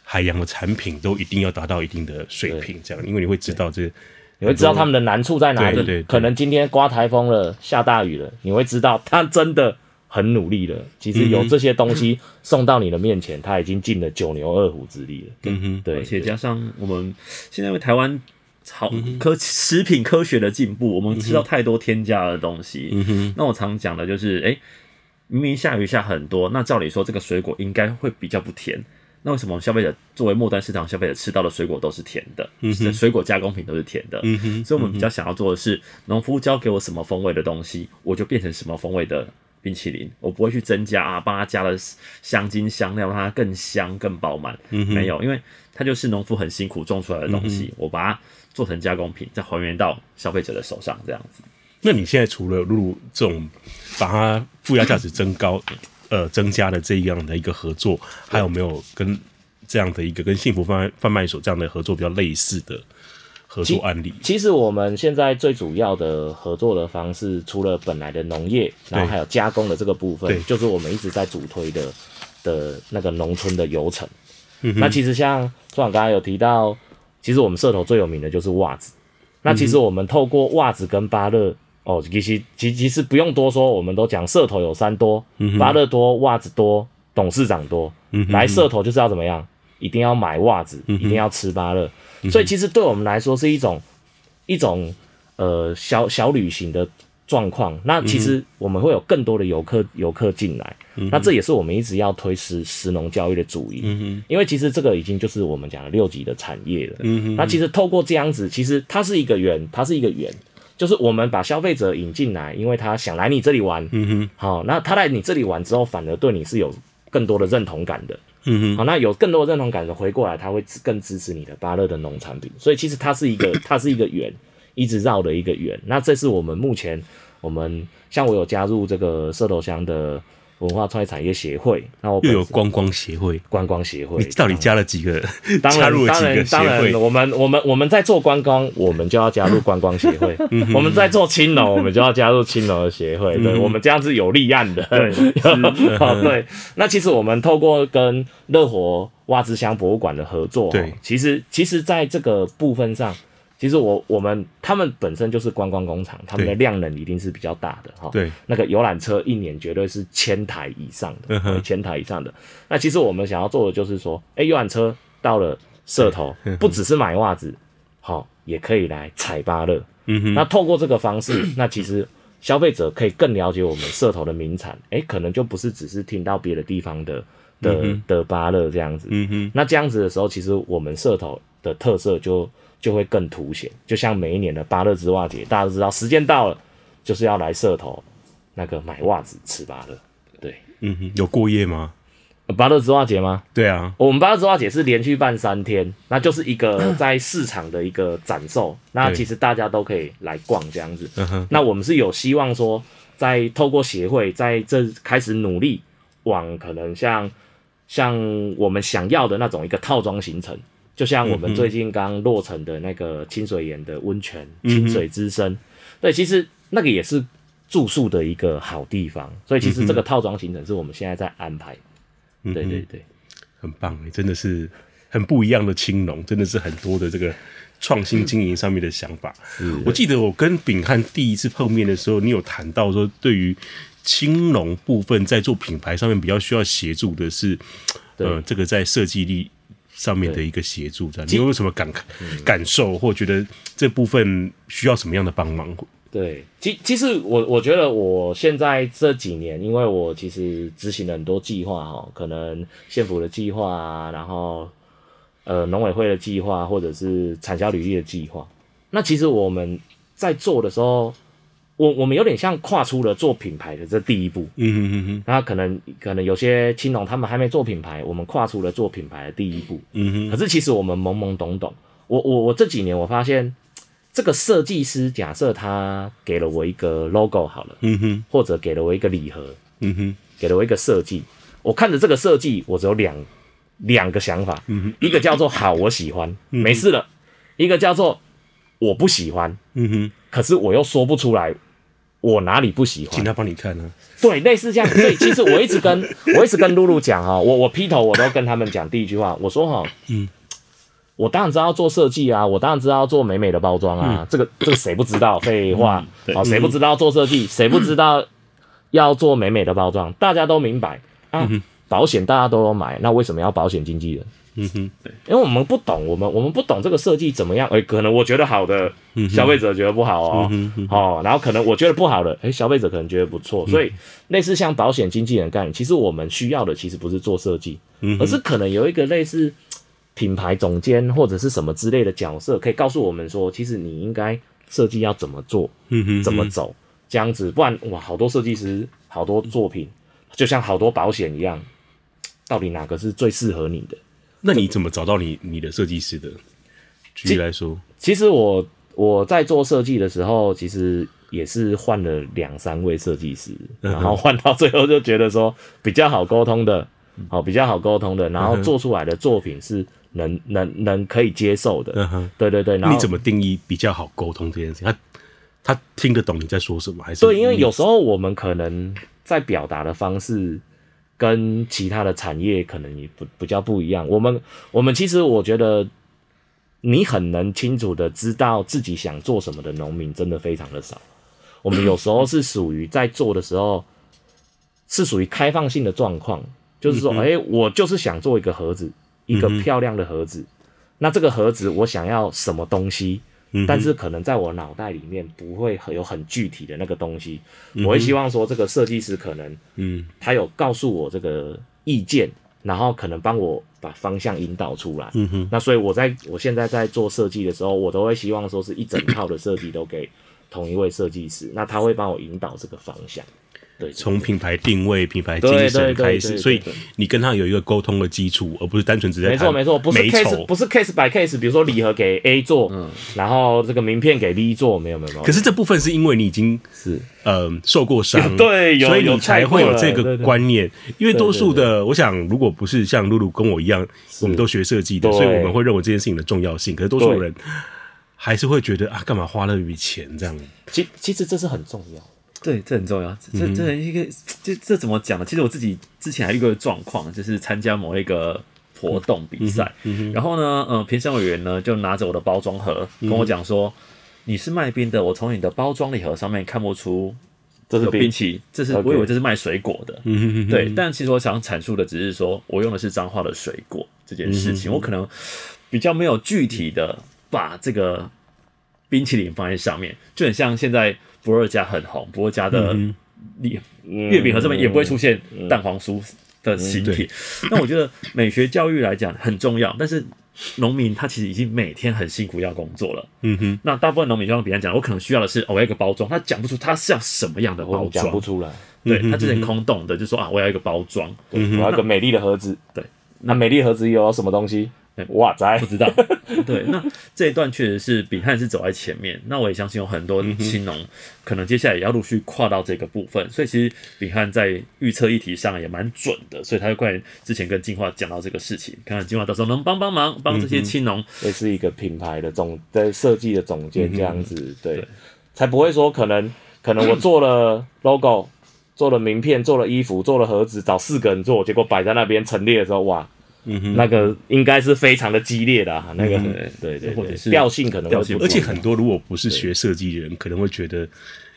海洋的產品都一定要達到一定的水平，這樣，對因為你會知道這個。你會知道他們的難處在哪裡？對對對對對。可能今天刮台風了，下大雨了。你會知道他真的很努力了。其實有這些東西送到你的面前，嗯、哼他已經盡了九牛二虎之力了。嗯對。而且加上我們現在因為台灣，嗯、哼科食品科學的進步，我們吃到太多添加的東西。嗯哼那我常講的就是，誒、欸、明明下雨下很多，那照理說這個水果應該會比較不甜。那為什麼消費者作為末端市場消費者吃到的水果都是甜的？嗯哼，水果加工品都是甜的。嗯，嗯所以我們比較想要做的是，農、嗯、哼夫教給我什麼風味的東西，我就變成什麼風味的冰淇淋。我不會去增加啊，幫他加了香精香料，讓它更香更飽滿。嗯哼沒有，因為它就是農夫很辛苦種出來的東西，嗯、哼我把它做成加工品，再還原到消費者的手上這樣子。那你現在除了入這種，把它附加價值增高？嗯呃，增加了這樣的一個合作，還有沒有跟這樣的一個跟幸福販販賣所這樣的合作比較類似的合作案例？其，其實我們現在最主要的合作的方式，除了本來的農業，然後還有加工的這個部分，對就是我們一直在主推的的那個農村的遊程。嗯、哼那其實像中晚剛剛有提到，其實我們社頭最有名的就是襪子。那其實我們透過襪子跟芭樂。嗯哦，其實其，其實不用多說，我們都講社頭有三多，嗯、哼芭樂多，襪子多，董事長多。嗯、哼來社頭就是要怎麼樣？一定要買襪子，嗯、哼一定要吃芭樂。嗯、哼所以其實對我們來說是一種一種呃小小旅行的狀況。那其實我們會有更多的遊客遊客進來。那這也是我們一直要推食食農教育的主意。嗯、哼因為其實這個已經就是我們講的六級的產業了。嗯、哼那其實透過這樣子，其實它是一個圓，它是一個圓。就是我們把消費者引進來，因為他想來你這裡玩，嗯哼，好、哦，那他來你這裡玩之後，反而對你是有更多的認同感的，嗯哼，好、哦，那有更多的認同感的回過來，他會更支持你的芭樂的農產品，所以其實它是一個，它 [coughs] 是一個圓，一直繞的一個圓。那這是我們目前，我們像我有加入這個社頭鄉的。文化創意產業協會，那我會又有觀光協會，觀光協會，你到底加了幾個？當然，加入了幾個協會，當然，當然，我們我們我們在做觀光，我們就要加入觀光協會； [laughs] 我們在做青樓，我們就要加入青樓的協會。 [laughs] 對， [laughs] 我們這樣子有立案的， [laughs] 對， [laughs] [laughs] 對。那其實我們透過跟樂活襪之鄉博物館的合作，對其，其實其實，在這個部分上。其實我我們他們本身就是觀光工廠，他們的量能一定是比較大的哈。對，齁那個遊覽車一年絕對是千台以上的，一對千台以上的。嗯、哼那其實我們想要做的就是說，哎、欸，遊覽車到了社頭，嗯、不只是買襪子，好，也可以來採芭樂。嗯哼。那透過這個方式，嗯、哼那其實消費者可以更了解我們社頭的名產，哎、欸，可能就不是只是聽到別的地方的的、嗯、哼的芭樂這樣子。嗯哼。那這樣子的時候，其實我們社頭的特色就。就會更凸顯，就像每一年的芭樂織襪節，大家都知道，時間到了就是要來社頭那個買襪子吃芭樂。對，嗯哼，有過夜嗎？芭樂織襪節嗎？對啊，我們芭樂織襪節是連續辦三天，那就是一個在市場的一個展售，那其實大家都可以來逛這樣子。對那我們是有希望說，在透過協會在這開始努力往可能像像我們想要的那種一個套裝行程。就像我們最近剛落成的那個清水岩的溫泉，嗯、哼清水之森。嗯、哼對，其實那個也是住宿的一個好地方。所以其實這個套裝行程是我們現在在安排。嗯、哼對對對，很棒，你真的是很不一樣的青龍，真的是很多的這個創新經營上面的想法。的我記得我跟稟瀚第一次碰面的時候，你有談到說，對於青龍部分在做品牌上面比較需要協助的是，對呃，這個在設計力。上面的一個協助，這樣你有沒有什麼感、嗯、感受，或覺得這部分需要什麼樣的幫忙？對，其其實我我覺得我現在這幾年，因為我其實執行了很多計劃哦，可能縣府的計劃啊，然後呃農委會的計劃，或者是產銷履歷的計劃，那其實我們在做的時候。我我們有點像跨出了做品牌的這第一步，嗯哼哼哼，那可能可能有些青農他們還沒做品牌，我們跨出了做品牌的第一步，嗯哼。可是其實我們懵懵懂懂，我我我這幾年我發現，這個設計師假設他給了我一個 logo 好了，嗯哼，或者給了我一個禮盒，嗯哼，給了我一個設計，我看着這個設計，我只有兩兩個想法，嗯哼，一個叫做好，我喜歡，嗯哼，沒事了，一個叫做我不喜歡，嗯哼，可是我又說不出來。我哪裡不喜歡？請他幫你看呢？啊？對，類似這樣。對，其實我一直跟 [laughs] 我一直跟 Lulu 講哈，我我劈頭我都跟他們講第一句話，我說哈，嗯，我當然知道要做設計啊，我當然知道要做美美的包裝啊，嗯，這個，這個這個誰不知道？廢話，誰不知道做設計？誰、嗯、不知道要做美美的包裝？大家都明白啊，嗯、哼保險大家都有買，那為什麼要保險經紀人？嗯哼，對，因為我們不懂，我們我們不懂這個設計怎麼樣，哎，可能我覺得好的，消費者覺得不好哦，嗯哼，嗯哼，哦，然後可能我覺得不好的，哎，消費者可能覺得不錯，嗯哼，所以類似像保險經紀人幹，其實我們需要的其實不是做設計，而是可能有一個類似品牌總監或者是什麼之類的角色，可以告訴我們說，其實你應該設計要怎麼做，怎麼走，這樣子，不然哇，好多設計師，好多作品，就像好多保險一樣，到底哪個是最適合你的？那你怎麼找到你你的設計師的？舉例來說，其實我我在做設計的時候，其實也是換了兩三位設計師，嗯、哼然後換到最後就覺得說比較好溝通的，好、嗯、比較好溝通的，然後做出來的作品是能、嗯、哼能能，能可以接受的。對、嗯、哼對對對。然後你怎麼定義比較好溝通這件事情？他他聽得懂你在說什麼？還是對？因為有時候我們可能在表達的方式。跟其他的產業可能也不比較不一樣。我們我們其實我覺得，你很能清楚的知道自己想做什麼的農民真的非常的少。我們有時候是屬於在做的時候，是屬於開放性的狀況，就是說，哎、欸，我就是想做一個盒子，一個漂亮的盒子。那這個盒子我想要什麼東西？但是可能在我腦袋裡面不會有很具體的那個東西，我會希望說這個設計師可能，嗯，他有告訴我這個意見，然後可能幫我把方向引導出來。嗯哼。那所以我在我現在在做設計的時候，我都會希望說是一整套的設計都給同一位設計師，那他會幫我引導這個方向。從品牌定位、品牌精神開始，所以你跟他有一個溝通的基礎，而不是單純直接。沒錯沒錯，不是 case，不是 case by case，比如說禮盒給 A 做，然後這個名片給 B 做，沒有沒有。可是這部分是因為你已經是嗯，受過傷，對，所以你才會有這個觀念。因為多數的，我想，如果不是像露露跟我一樣，我們都學設計的，所以我們會認為這件事情的重要性。可是多數人還是會覺得啊，干嘛花了一筆錢這樣？其其實這是很重要的。對，這很重要。這這一個，這這，這怎麼講呢？其實我自己之前還有一個狀況，就是參加某一個活動比賽，嗯嗯、然後呢，嗯、呃，評審委員呢就拿着我的包裝盒跟我講說：“嗯、哼你是賣冰的，我從你的包裝禮盒上面看不出這是冰、冰淇淋，這是 Okay. 我以為這是賣水果的。嗯”嗯、對，但其實我想闡述的只是說我用的是彰化的水果這件事情，嗯、哼我可能比較沒有具體的把這個。冰淇淋放在上面，就很像現在不二家很紅，不二家的月餅盒上面也不會出現蛋黃酥的形體。嗯嗯嗯嗯、那我覺得美學教育來講很重要， [laughs] 但是農民他其實已經每天很辛苦要工作了。嗯哼，那大部分農民就像別人講，我可能需要的是、哦、我要一個包裝，他講不出他是要什麼樣的包裝，講不出來。對他之前空洞的，就說啊我要一個包裝，我要一個美麗的盒子。那對，那、啊、美麗盒子有什麼東西？嗯、哇也塞 不知道。 [laughs] 對，那這一段確實是稟瀚是走在前面，那我也相信有很多青農可能接下來也要陸續跨到這個部分。所以其實稟瀚在預測議題上也蠻準的，所以他就關之前跟金樺講到這個事情，看看金樺到時候能幫幫忙，幫這些青農也是一個品牌的總在設計的總監這樣子，嗯嗯對，對才不會說可能可能我做了 logo，做了名片，做了衣服，做了盒子，找四個人做，結果擺在那邊陳列的時候，哇。嗯哼，那個應該是非常的激烈的啊，那個、嗯、對，對，對對，或者是調性可能調性，而且很多如果不是學設計的人，可能會覺得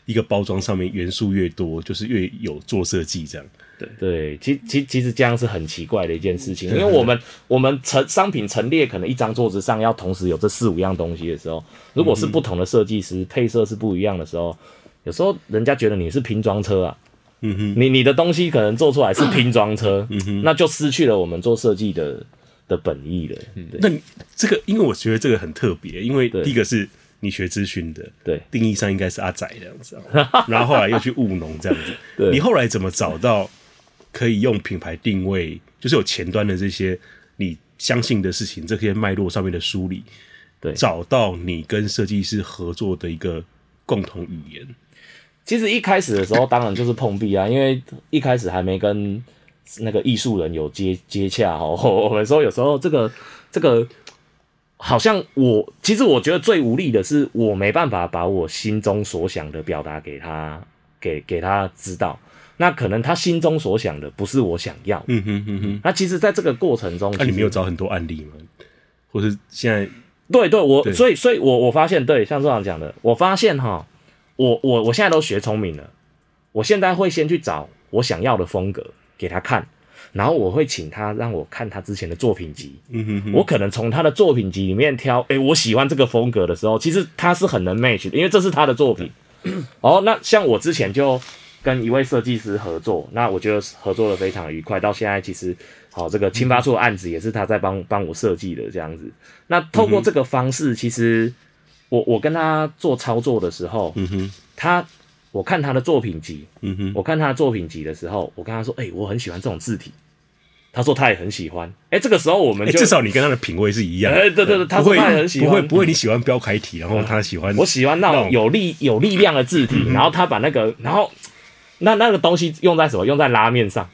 一個包裝上面元素越多，就是越有做設計這樣。對對，其其其實這樣是很奇怪的一件事情，因為我們我們陳商品陳列，可能一張桌子上要同時有這四五樣東西的時候，如果是不同的設計師、嗯、哼配色是不一樣的時候，有時候人家覺得你是拼裝車啊。嗯哼，你你的東西可能做出來是拼裝車，嗯哼，那就失去了我們做設計的的本意了。對嗯，那這個，因為我覺得這個很特別，因為第一個是你學資訊的，對定義上應該是阿宅這樣子，對然後後來又去務農這樣子， [laughs] 你後來怎麼找到可以用品牌定位，就是有前端的這些你相信的事情，這些脈絡上面的梳理，對找到你跟設計師合作的一個共同語言。其實一開始的時候，當然就是碰壁啊，因為一開始還沒跟那個藝術人有接接洽齁齁。我們說有時候這個這個，好像我其實我覺得最無力的是，我沒辦法把我心中所想的表達給他，給給他知道。那可能他心中所想的不是我想要。嗯哼嗯哼。那其實，在這個過程中，那你沒有找很多案例嗎？或是現在？對對對，我所以對所以，所以我我發現，對像這樣講的，我發現哈。我我我現在都學聰明了，我現在會先去找我想要的風格給他看，然後我會請他讓我看他之前的作品集。嗯、哼哼，我可能從他的作品集裡面挑，誒、欸，我喜歡這個風格的時候，其實他是很能 match 的，因為這是他的作品。嗯、哦，那像我之前就跟一位設計師合作，那我覺得合作得非常愉快，到現在其實，好、哦，這個青發處案子也是他在幫幫我設計的這樣子。那透過這個方式，其實。嗯我我跟他做操作的時候，嗯哼，他我看他的作品集，嗯哼，我看他的作品集的時候，我跟他說，誒，我很喜歡這種字體，他說他也很喜歡，誒，這個時候我們至少你跟他的品味是一樣的，誒，對對對，他會不會不會，你喜歡標楷體，然後他喜歡，我喜歡那種有力有力量的字體，然後他把那個然後那那個東西用在什麼？用在拉麵上，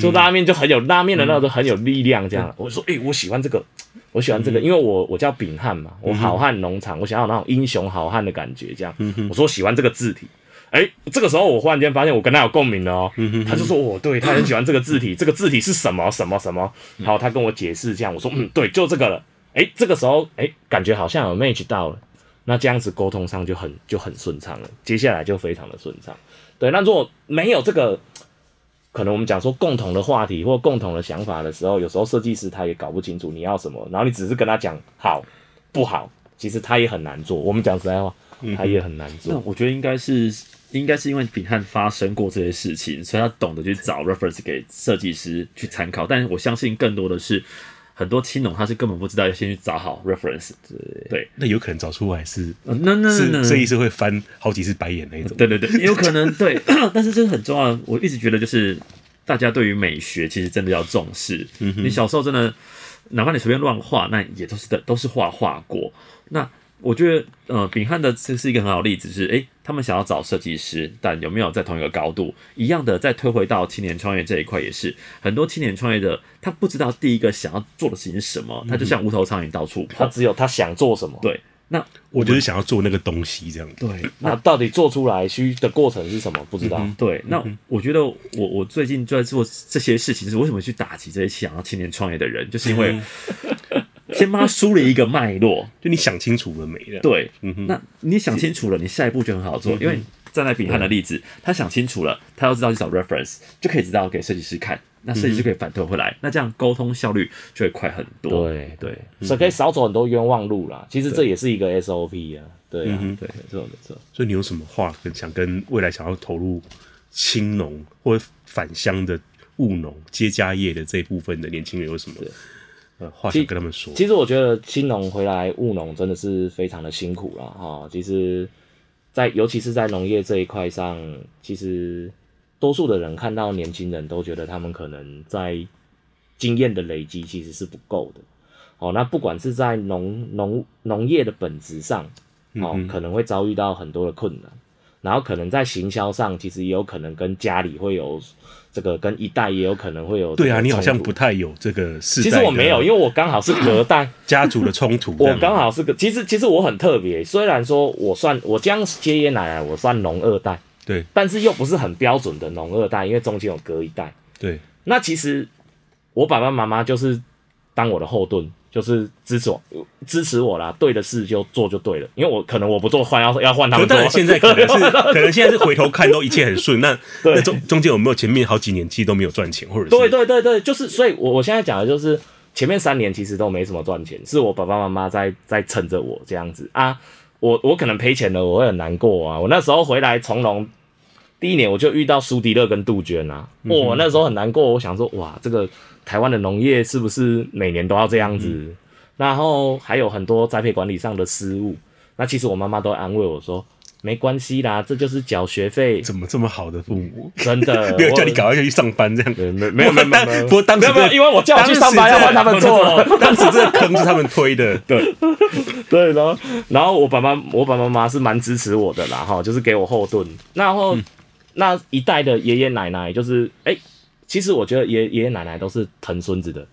做拉麵就很有拉麵的那種很有力量，這樣，我說，誒，我喜歡這個。我喜歡這個，嗯、哼因為我我叫炳漢稟瀚嘛，我好瀚農場，我想要那種英雄好漢的感覺，這樣。嗯、哼我說喜歡這個字體，哎、欸，這個時候我忽然間發現我跟他有共鳴了哦、喔，嗯、哼他就說我、哦、對，他很喜歡這個字體，嗯、哼這個字體是什麼什麼什麼？好，他跟我解釋這樣，我說嗯，對，就這個了。哎、欸，這個時候哎、欸，感覺好像有 match 到了，那這樣子溝通上就很就很順暢了，接下來就非常的順暢。對，那如果沒有這個。可能我們講說共同的話題或共同的想法的時候，有時候設計師他也搞不清楚你要什麼，然後你只是跟他講好不好，其實他也很難做。我們講實在話，嗯、哼他也很難做。那我覺得應該是應該是因為稟瀚發生過這些事情，所以他懂得去找 reference 給設計師去參考。但是我相信更多的是。很多青農他是根本不知道要先去找好 reference，對那有可能找出來是，嗯、那那設計師會翻好幾次白眼那種，對對對，有可能對， [laughs] 但是這個很重要，我一直覺得就是大家對於美學其實真的要重視，嗯、哼你小時候真的哪怕你隨便亂畫，那也都是的，都是畫畫過。那我覺得呃，稟瀚的這是一個很好的例子，就是哎。欸他們想要找設計師，但有沒有在同一個高度一樣的？再推回到青年創業這一塊，也是很多青年創業者，他不知道第一個想要做的事情是什麼，嗯、哼他就像無頭蒼蠅到處跑，他只有他想做什麼。對，那我就是想要做那個東西這樣。嗯、對，那到底做出來需的過程是什麼？不知道。嗯、哼對，那、嗯、哼我覺得我我最近就在做這些事情是為什麼去打擊這些想要青年創業的人，就是因為、嗯。 [laughs] 先幫他梳理一個脈絡，就你想清楚了沒？對，那你想清楚了，你下一步就很好做。因為站在稟瀚的例子，他想清楚了，他要知道去找 reference，就可以知道給設計師看，那設計師可以反推回來，那這樣溝通效率就會快很多。對對，所以可以少走很多冤枉路啦。其實這也是一個 SOP 啊。對啊，對，沒錯沒錯。所以你有什麼話想跟未來想要投入青農或者返鄉的務農接家業的這部分的年輕人有什麼？話想跟他們說其，其實我覺得新農回來務農真的是非常的辛苦啦哈。其實在，在尤其是在農業這一塊上，其實多數的人看到年輕人都覺得他們可能在經驗的累積其實是不夠的。哦，那不管是在農農農業的本質上，哦，可能會遭遇到很多的困難，嗯哼。然後可能在行銷上，其實也有可能跟家裡會有。這個跟一代也有可能會有對啊，你好像不太有這個事。其實我沒有，因為我剛好是隔代家族的衝突。我剛好是個，其實其實我很特別，雖然說我算我這樣接爺爺奶奶，我算農二代，對，但是又不是很標準的農二代，因為中間有隔一代，對。那其實我爸爸媽媽就是當我的後盾。就是支持我，支持我啦！對的事就做就對了，因為我可能我不做換要要換他們做。但現在可能是， [laughs] 可能現在是回頭看都一切很順。那對那中中間有沒有前面好幾年其實都沒有賺錢或者是？對對對對，就是所以我，我我現在講的就是前面三年其實都沒什麼賺錢，是我爸爸媽媽在在撐着我這樣子啊。我我可能賠錢了，我會很難過啊。我那時候回來從農第一年，我就遇到蘇迪勒跟杜鵑啊，嗯、哼我那時候很難過，我想說哇這個。台灣的農業是不是每年都要這樣子？嗯、然後還有很多栽培管理上的失誤。那其實我媽媽都安慰我說：“沒關係啦，這就是繳學費。”怎麼這麼好的父母？真的我沒有叫你趕快去上班這樣？沒沒有沒有，不過當時沒有因為我叫我去上班，要換他們做，這個。當時這個坑是他們推的。對 [laughs] 對，然後然後我爸媽我爸媽媽是蠻支持我的啦，哈，就是給我後盾。然後、嗯、那一代的爺爺奶奶就是哎。欸其實我覺得爺爺爺奶奶都是疼孫子的。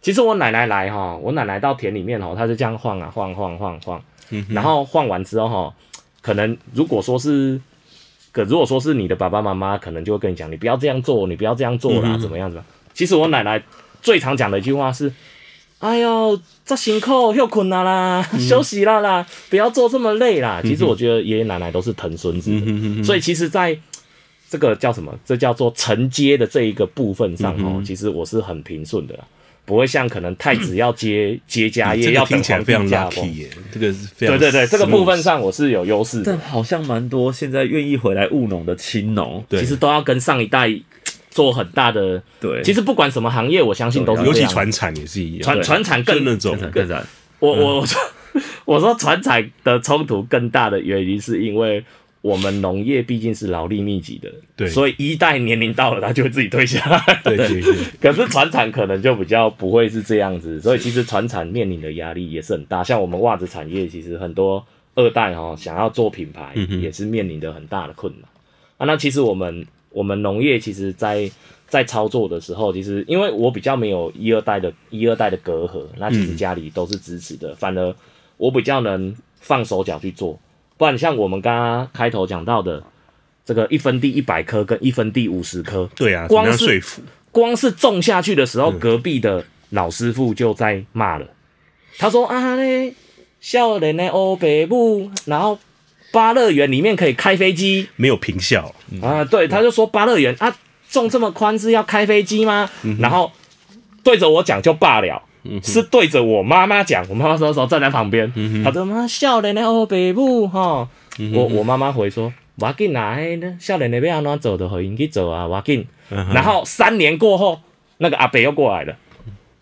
其實我奶奶來哈，我奶奶到田裡面哦，她就這樣晃啊晃晃晃晃，然後晃完之後哈，可能如果說是，可如果說是你的爸爸媽媽，可能就會跟你講：“你不要這樣做，你不要這樣做啦。”怎麼樣子？其實我奶奶最常講的一句話是：“哎呦，這辛苦又困難啦，休息啦啦，不要做這麼累啦。”其實我覺得爺爺奶奶都是疼孫子的，所以其實，在。這個叫什麼？這叫做承接的這一個部分上哦，其實我是很平順的，不會像可能太子要接接家業要等皇帝這個聽起來非常 lucky，這個是非常對對對，這個部分上我是有優勢。但好像蠻多現在願意回來務農的青農，其實都要跟上一代做很大的。對，其實不管什麼行業，我相信都是尤其，傳產也是一樣，傳，傳產更那種更。我我我說傳產的衝突更大的原因是因為。我們農業畢竟是勞力密集的，對，所以一代年齡到了，他就會自己退下來。對，對，對，可是傳產可能就比較不會是這樣子，是所以其實傳產面臨的壓力也是很大。像我們襪子產業，其實很多二代哈、喔、想要做品牌，也是面臨的很大的困難、嗯、哼啊。那其實我們我們農業，其實在，在在操作的時候，其實因為我比較沒有一二代的一二代的隔閡，那其實家裡都是支持的，嗯、反而我比較能放手腳去做。像我們剛剛開頭講到的，這個一分地一百棵跟一分地五十棵，對啊，光是光是種下去的時候，隔壁的老師傅就在罵了，他說啊嘞，少年的，哦北部，然後芭樂園裡面可以開飛機，沒有坪效，嗯、啊，對，他就說芭樂園啊種這麼寬是要開飛機嗎？然後對着我講就罷了。是對着我媽媽講，我媽媽說說站在旁邊，他、嗯、哼說媽媽少年的歐北部吼，哈、嗯哼，我我媽媽回說，無要緊啦，少年的要安怎做，就予伊去做啊，無要緊、啊。嗯、哼然後三年過後，那個阿伯又過來了，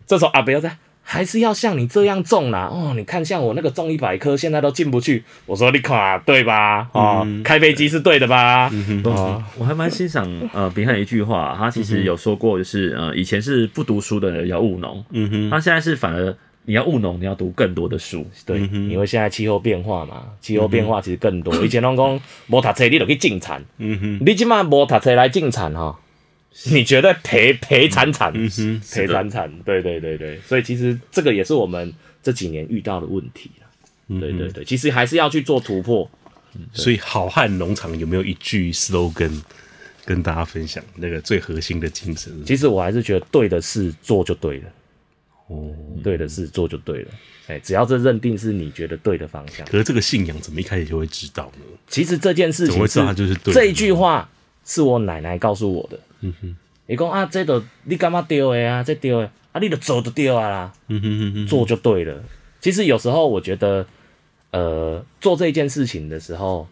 這時候阿伯又在。還是要像你這樣種啦、啊，哦，你看像我那個種一百棵，現在都進不去。我說你垮對吧？哦，嗯、哼開飛機是對的吧？哦，嗯哼啊、我還蠻欣賞 [laughs] 呃，稟瀚一句話，他其實有說過，就是呃，以前是不讀書的人要務農，嗯哼，他現在是反而你要務農，你要讀更多的書，對，嗯、哼因為現在氣候變化嘛，氣候變化其實更多。以前攏講無讀冊你都去種田，嗯哼，嗯哼你即馬無讀冊來種田哈？你覺得賠賠慘慘，嗯哼，賠慘慘，對對對對，所以其實這個也是我們這幾年遇到的問題對對對，其實還是要去做突破。所以好瀚農場有沒有一句 slogan 跟大家分享？那個最核心的精神？其實我還是覺得對的事做就對了。哦，對的事做就對了。哎，只要這認定是你覺得對的方向。可是這個信仰怎麼一開始就會知道呢？其實這件事情，會知道就是對的這一句話是我奶奶告訴我的。嗯哼，你講 [noise] 啊，這都你幹嘛丟啊，這丟啊，啊你的都做就對啊啦， [noise] 做就對了。其實有時候我覺得，呃，做這件事情的時候，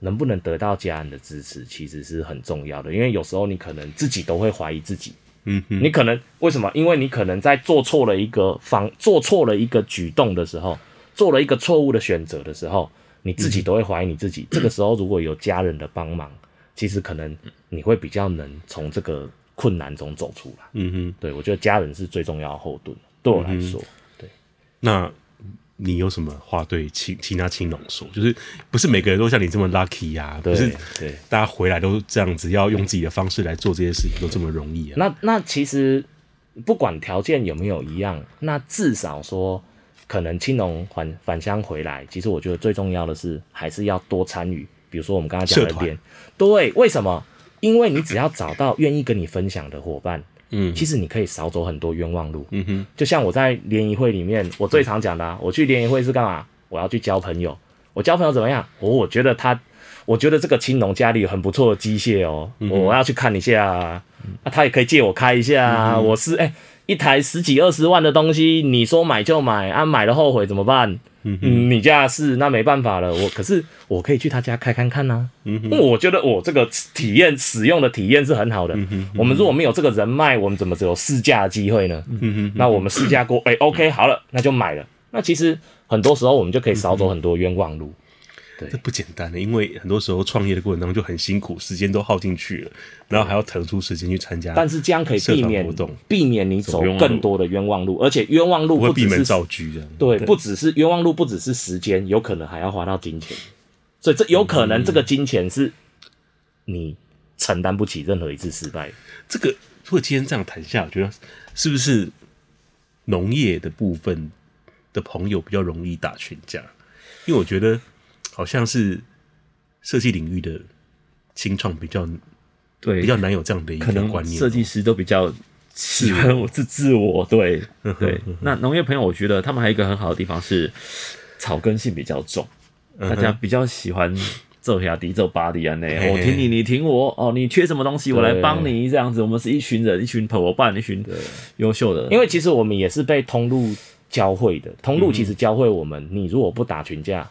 能不能得到家人的支持，其實是很重要的。因為有時候你可能自己都會懷疑自己，嗯哼， [noise] 你可能為什麼？因為你可能在做錯了一個方，做錯了一個舉動的時候，做了一個錯誤的選擇的時候，你自己都會懷疑你自己。 [noise] 這個時候如果有家人的幫忙，其實可能你會比較能從這個困難中走出來。嗯哼對，我覺得家人是最重要的後盾。對我來說，嗯、哼對。那你有什麼話對其，其他青農說？就是不是每個人都像你這麼 lucky 啊？不、嗯、對。不是大家回來都這樣子，要用自己的方式來做這些事情，都這麼容易，啊、對對對，那那其實不管條件有沒有一樣，那至少說，可能青農返鄉回來，其實我覺得最重要的是還是要多參與。比如說我們剛才講的社團對，為什麼？因為你只要找到願意跟你分享的夥伴，嗯，其實你可以少走很多冤枉路。嗯哼，就像我在聯誼會裡面，我最常講的、啊，嗯、我去聯誼會是幹嘛？我要去交朋友。我交朋友怎麼樣？哦、我覺得他，我覺得這個青農家裡有很不錯的機械哦、喔，嗯、哼我要去看一下啊。那他也可以借我開一下。嗯、哼我是哎、欸，一台十幾二十萬的東西，你說買就買啊，買了後悔怎麼辦？嗯、你家是，那沒辦法了，我可是我可以去他家開看看呢、啊。嗯、哼我覺得我這個體驗使用的體驗是很好的。嗯、哼我們如果沒有這個人脈，我們怎麼只有試駕的機會呢？嗯、哼那我們試駕過，哎、 [coughs] 欸、，OK，好了，那就買了。那其實很多時候我們就可以少走很多冤枉路。嗯對這不簡單的，因為很多時候創業的過程當中就很辛苦，時間都耗進去了，然後還要騰出時間去參加。嗯、但是這樣可以避免，動避免你走更多的冤枉路，冤枉路，而且冤枉路不只是不會避免造局對，對不只是冤枉路，不只是時間，有可能還要花到金錢，所以這有可能這個金錢是你承擔不起任何一次失敗、嗯嗯嗯。這個如果今天這樣談一下，我覺得是不是農業的部分的朋友比較容易打群架，因為我覺得。好像是設計領域的新創比較對比較難有這樣的一個觀念，設計師都比較喜歡我，自自我。對對，那農業朋友，我覺得他們還有一個很好的地方是草根性比較重，大家比較喜歡做下迪、做巴迪迪，那我挺你，你挺我。哦，你缺什麼東西，我來幫你。這樣子，我們是一群人，一群夥伴，一群優秀的人。因為其實我們也是被通路教會的，通路其實教會我們，你如果不打群架。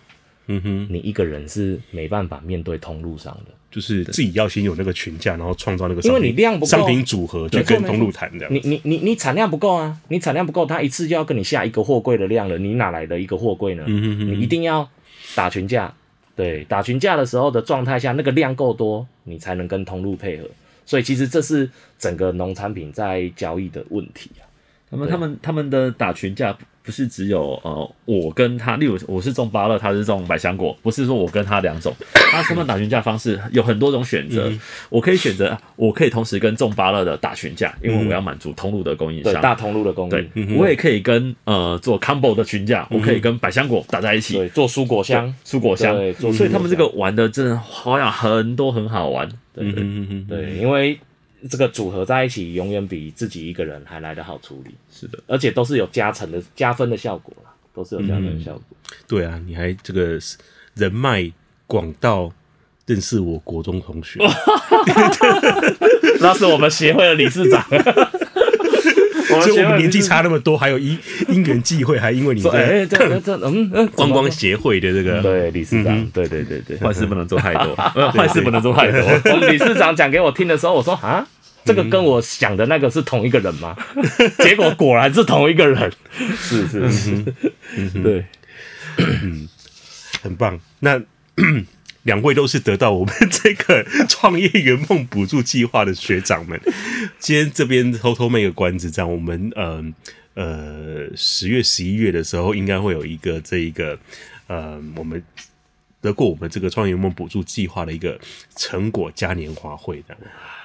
嗯哼，你一個人是沒辦法面對通路上的，就是自己要先有那個群架，對然後創造那個，因為你量不夠，商品組合就跟通路談這樣，你你你你產量不夠啊，你產量不夠，他一次就要跟你下一個貨櫃的量了，你哪來的一個貨櫃呢？嗯、哼哼你一定要打群架，對，打群架的時候的狀態下，那個量夠多，你才能跟通路配合，所以其實這是整個農產品在交易的問題啊。那麼他們，對他們他們的打群架。不是只有呃我跟他，例如我是種芭樂，他是種百香果，不是說我跟他兩種，他他們打群架方式有很多種選擇，嗯、哼我可以選擇，我可以同時跟種芭樂的打群架，因為我要滿足通路的供應商，嗯、大通路的供應商，對我也可以跟呃做 combo 的群架，嗯、哼我可以跟百香果打在一起，對做蔬果箱，做蔬果箱，對做蔬果箱，所以他們這個玩的真的好像很多，很好玩，對對對，嗯、哼對因為。這個組合在一起，永遠比自己一個人還來得好處理。是的，而且都是有加成的加分的效果啦，都是有加分的效果。嗯，對啊，你還這個人脈廣到認識我國中同學，那是我們協會的理事長。 [laughs] 所以，我們年紀差那麼多，還有因因緣際會，還因為你哎、欸，這這嗯嗯，觀光協會的這個對理事長，對、嗯、哼對對對，壞、嗯、哼事不能做太多，壞 [laughs] 事不能做太多。我們理事長講給我聽的時候，我說啊，這個跟我想的那個是同一個人嗎？嗯、哼結果果然是同一個人，是是是，是嗯嗯、對，嗯，很棒。那咳咳。兩位都是得到我們這個創業圓夢補助計劃的學長們，今天這邊偷偷賣個關子，這樣我們呃呃十月十一月的時候，應該會有一個這一個呃我們得過我們這個創業夢補助計劃的一個成果嘉年華會的。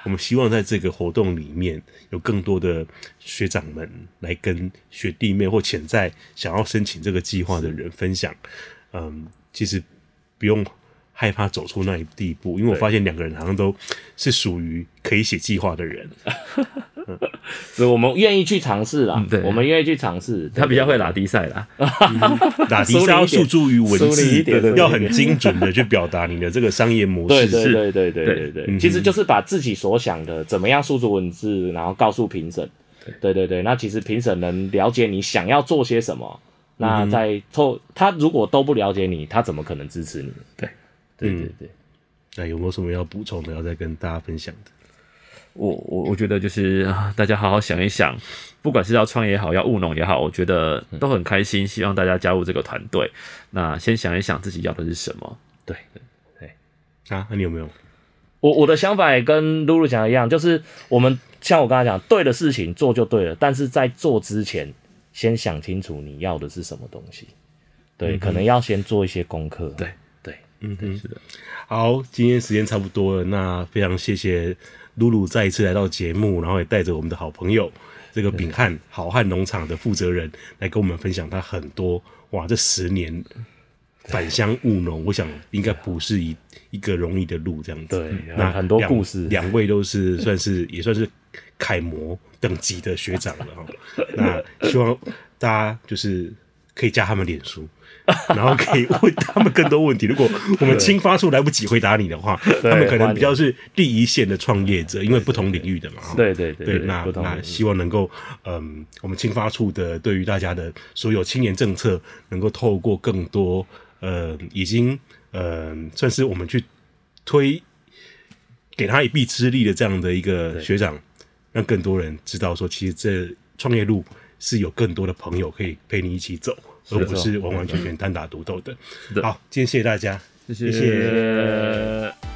我們希望在這個活動裡面，有更多的學長們來跟學弟妹或潛在想要申請這個計劃的人分享。嗯，其實不用。害怕走出那一地步，因為我發現兩個人好像都是屬於可以寫計劃的人，所以我們願意去嘗試啦。對，我們願意去嘗試。他比較會打比賽啦，打比賽要訴諸於文字，要很精準的去表達你的這個商業模式。對對對對對對，其實就是把自己所想的怎麼樣訴諸文字，然後告訴評審。對對對，那其實評審能了解你想要做些什麼，那在透，他如果都不了解你，他怎麼可能支持你？對。對對對，那有沒有什麼要補充的？要再跟大家分享的？我我我覺得就是大家好好想一想，不管是要創業也好，要務農也好，我覺得都很開心。嗯、希望大家加入這個團隊。那先想一想自己要的是什麼？對對對。啊？那你有沒有？我我的想法也跟露露講的一樣，就是我們像我剛才講，對的事情做就對了。但是在做之前，先想清楚你要的是什麼東西。對，嗯、哼可能要先做一些功課。對。嗯，是的。好，今天時間差不多了，那非常謝謝露露再一次來到節目，然後也帶着我們的好朋友這個稟瀚，好瀚農場的負責人來跟我們分享他很多。哇，這十年返鄉務農，啊、我想應該不是一一個容易的路這樣子。對，那很多故事，兩位都是算是，也算是楷模等級的學長了哈。 [laughs] 那希望大家就是可以加他們臉書。 [laughs] 然後可以問他們更多問題。如果我們青發處來不及回答你的話，對他們可能比較是第一線的創業者，對因為不同領域的嘛。對對對，對對對對對那那希望能夠，嗯，我們青發處的對於大家的所有青年政策，能夠透過更多，嗯，已經，嗯，算是我們去推，給他一臂之力的這樣的一個學長，對讓更多人知道說，其實這創業路是有更多的朋友可以陪你一起走。而不是完完全全單打獨鬥的。的好，對今天謝謝大家，謝謝。謝謝。呃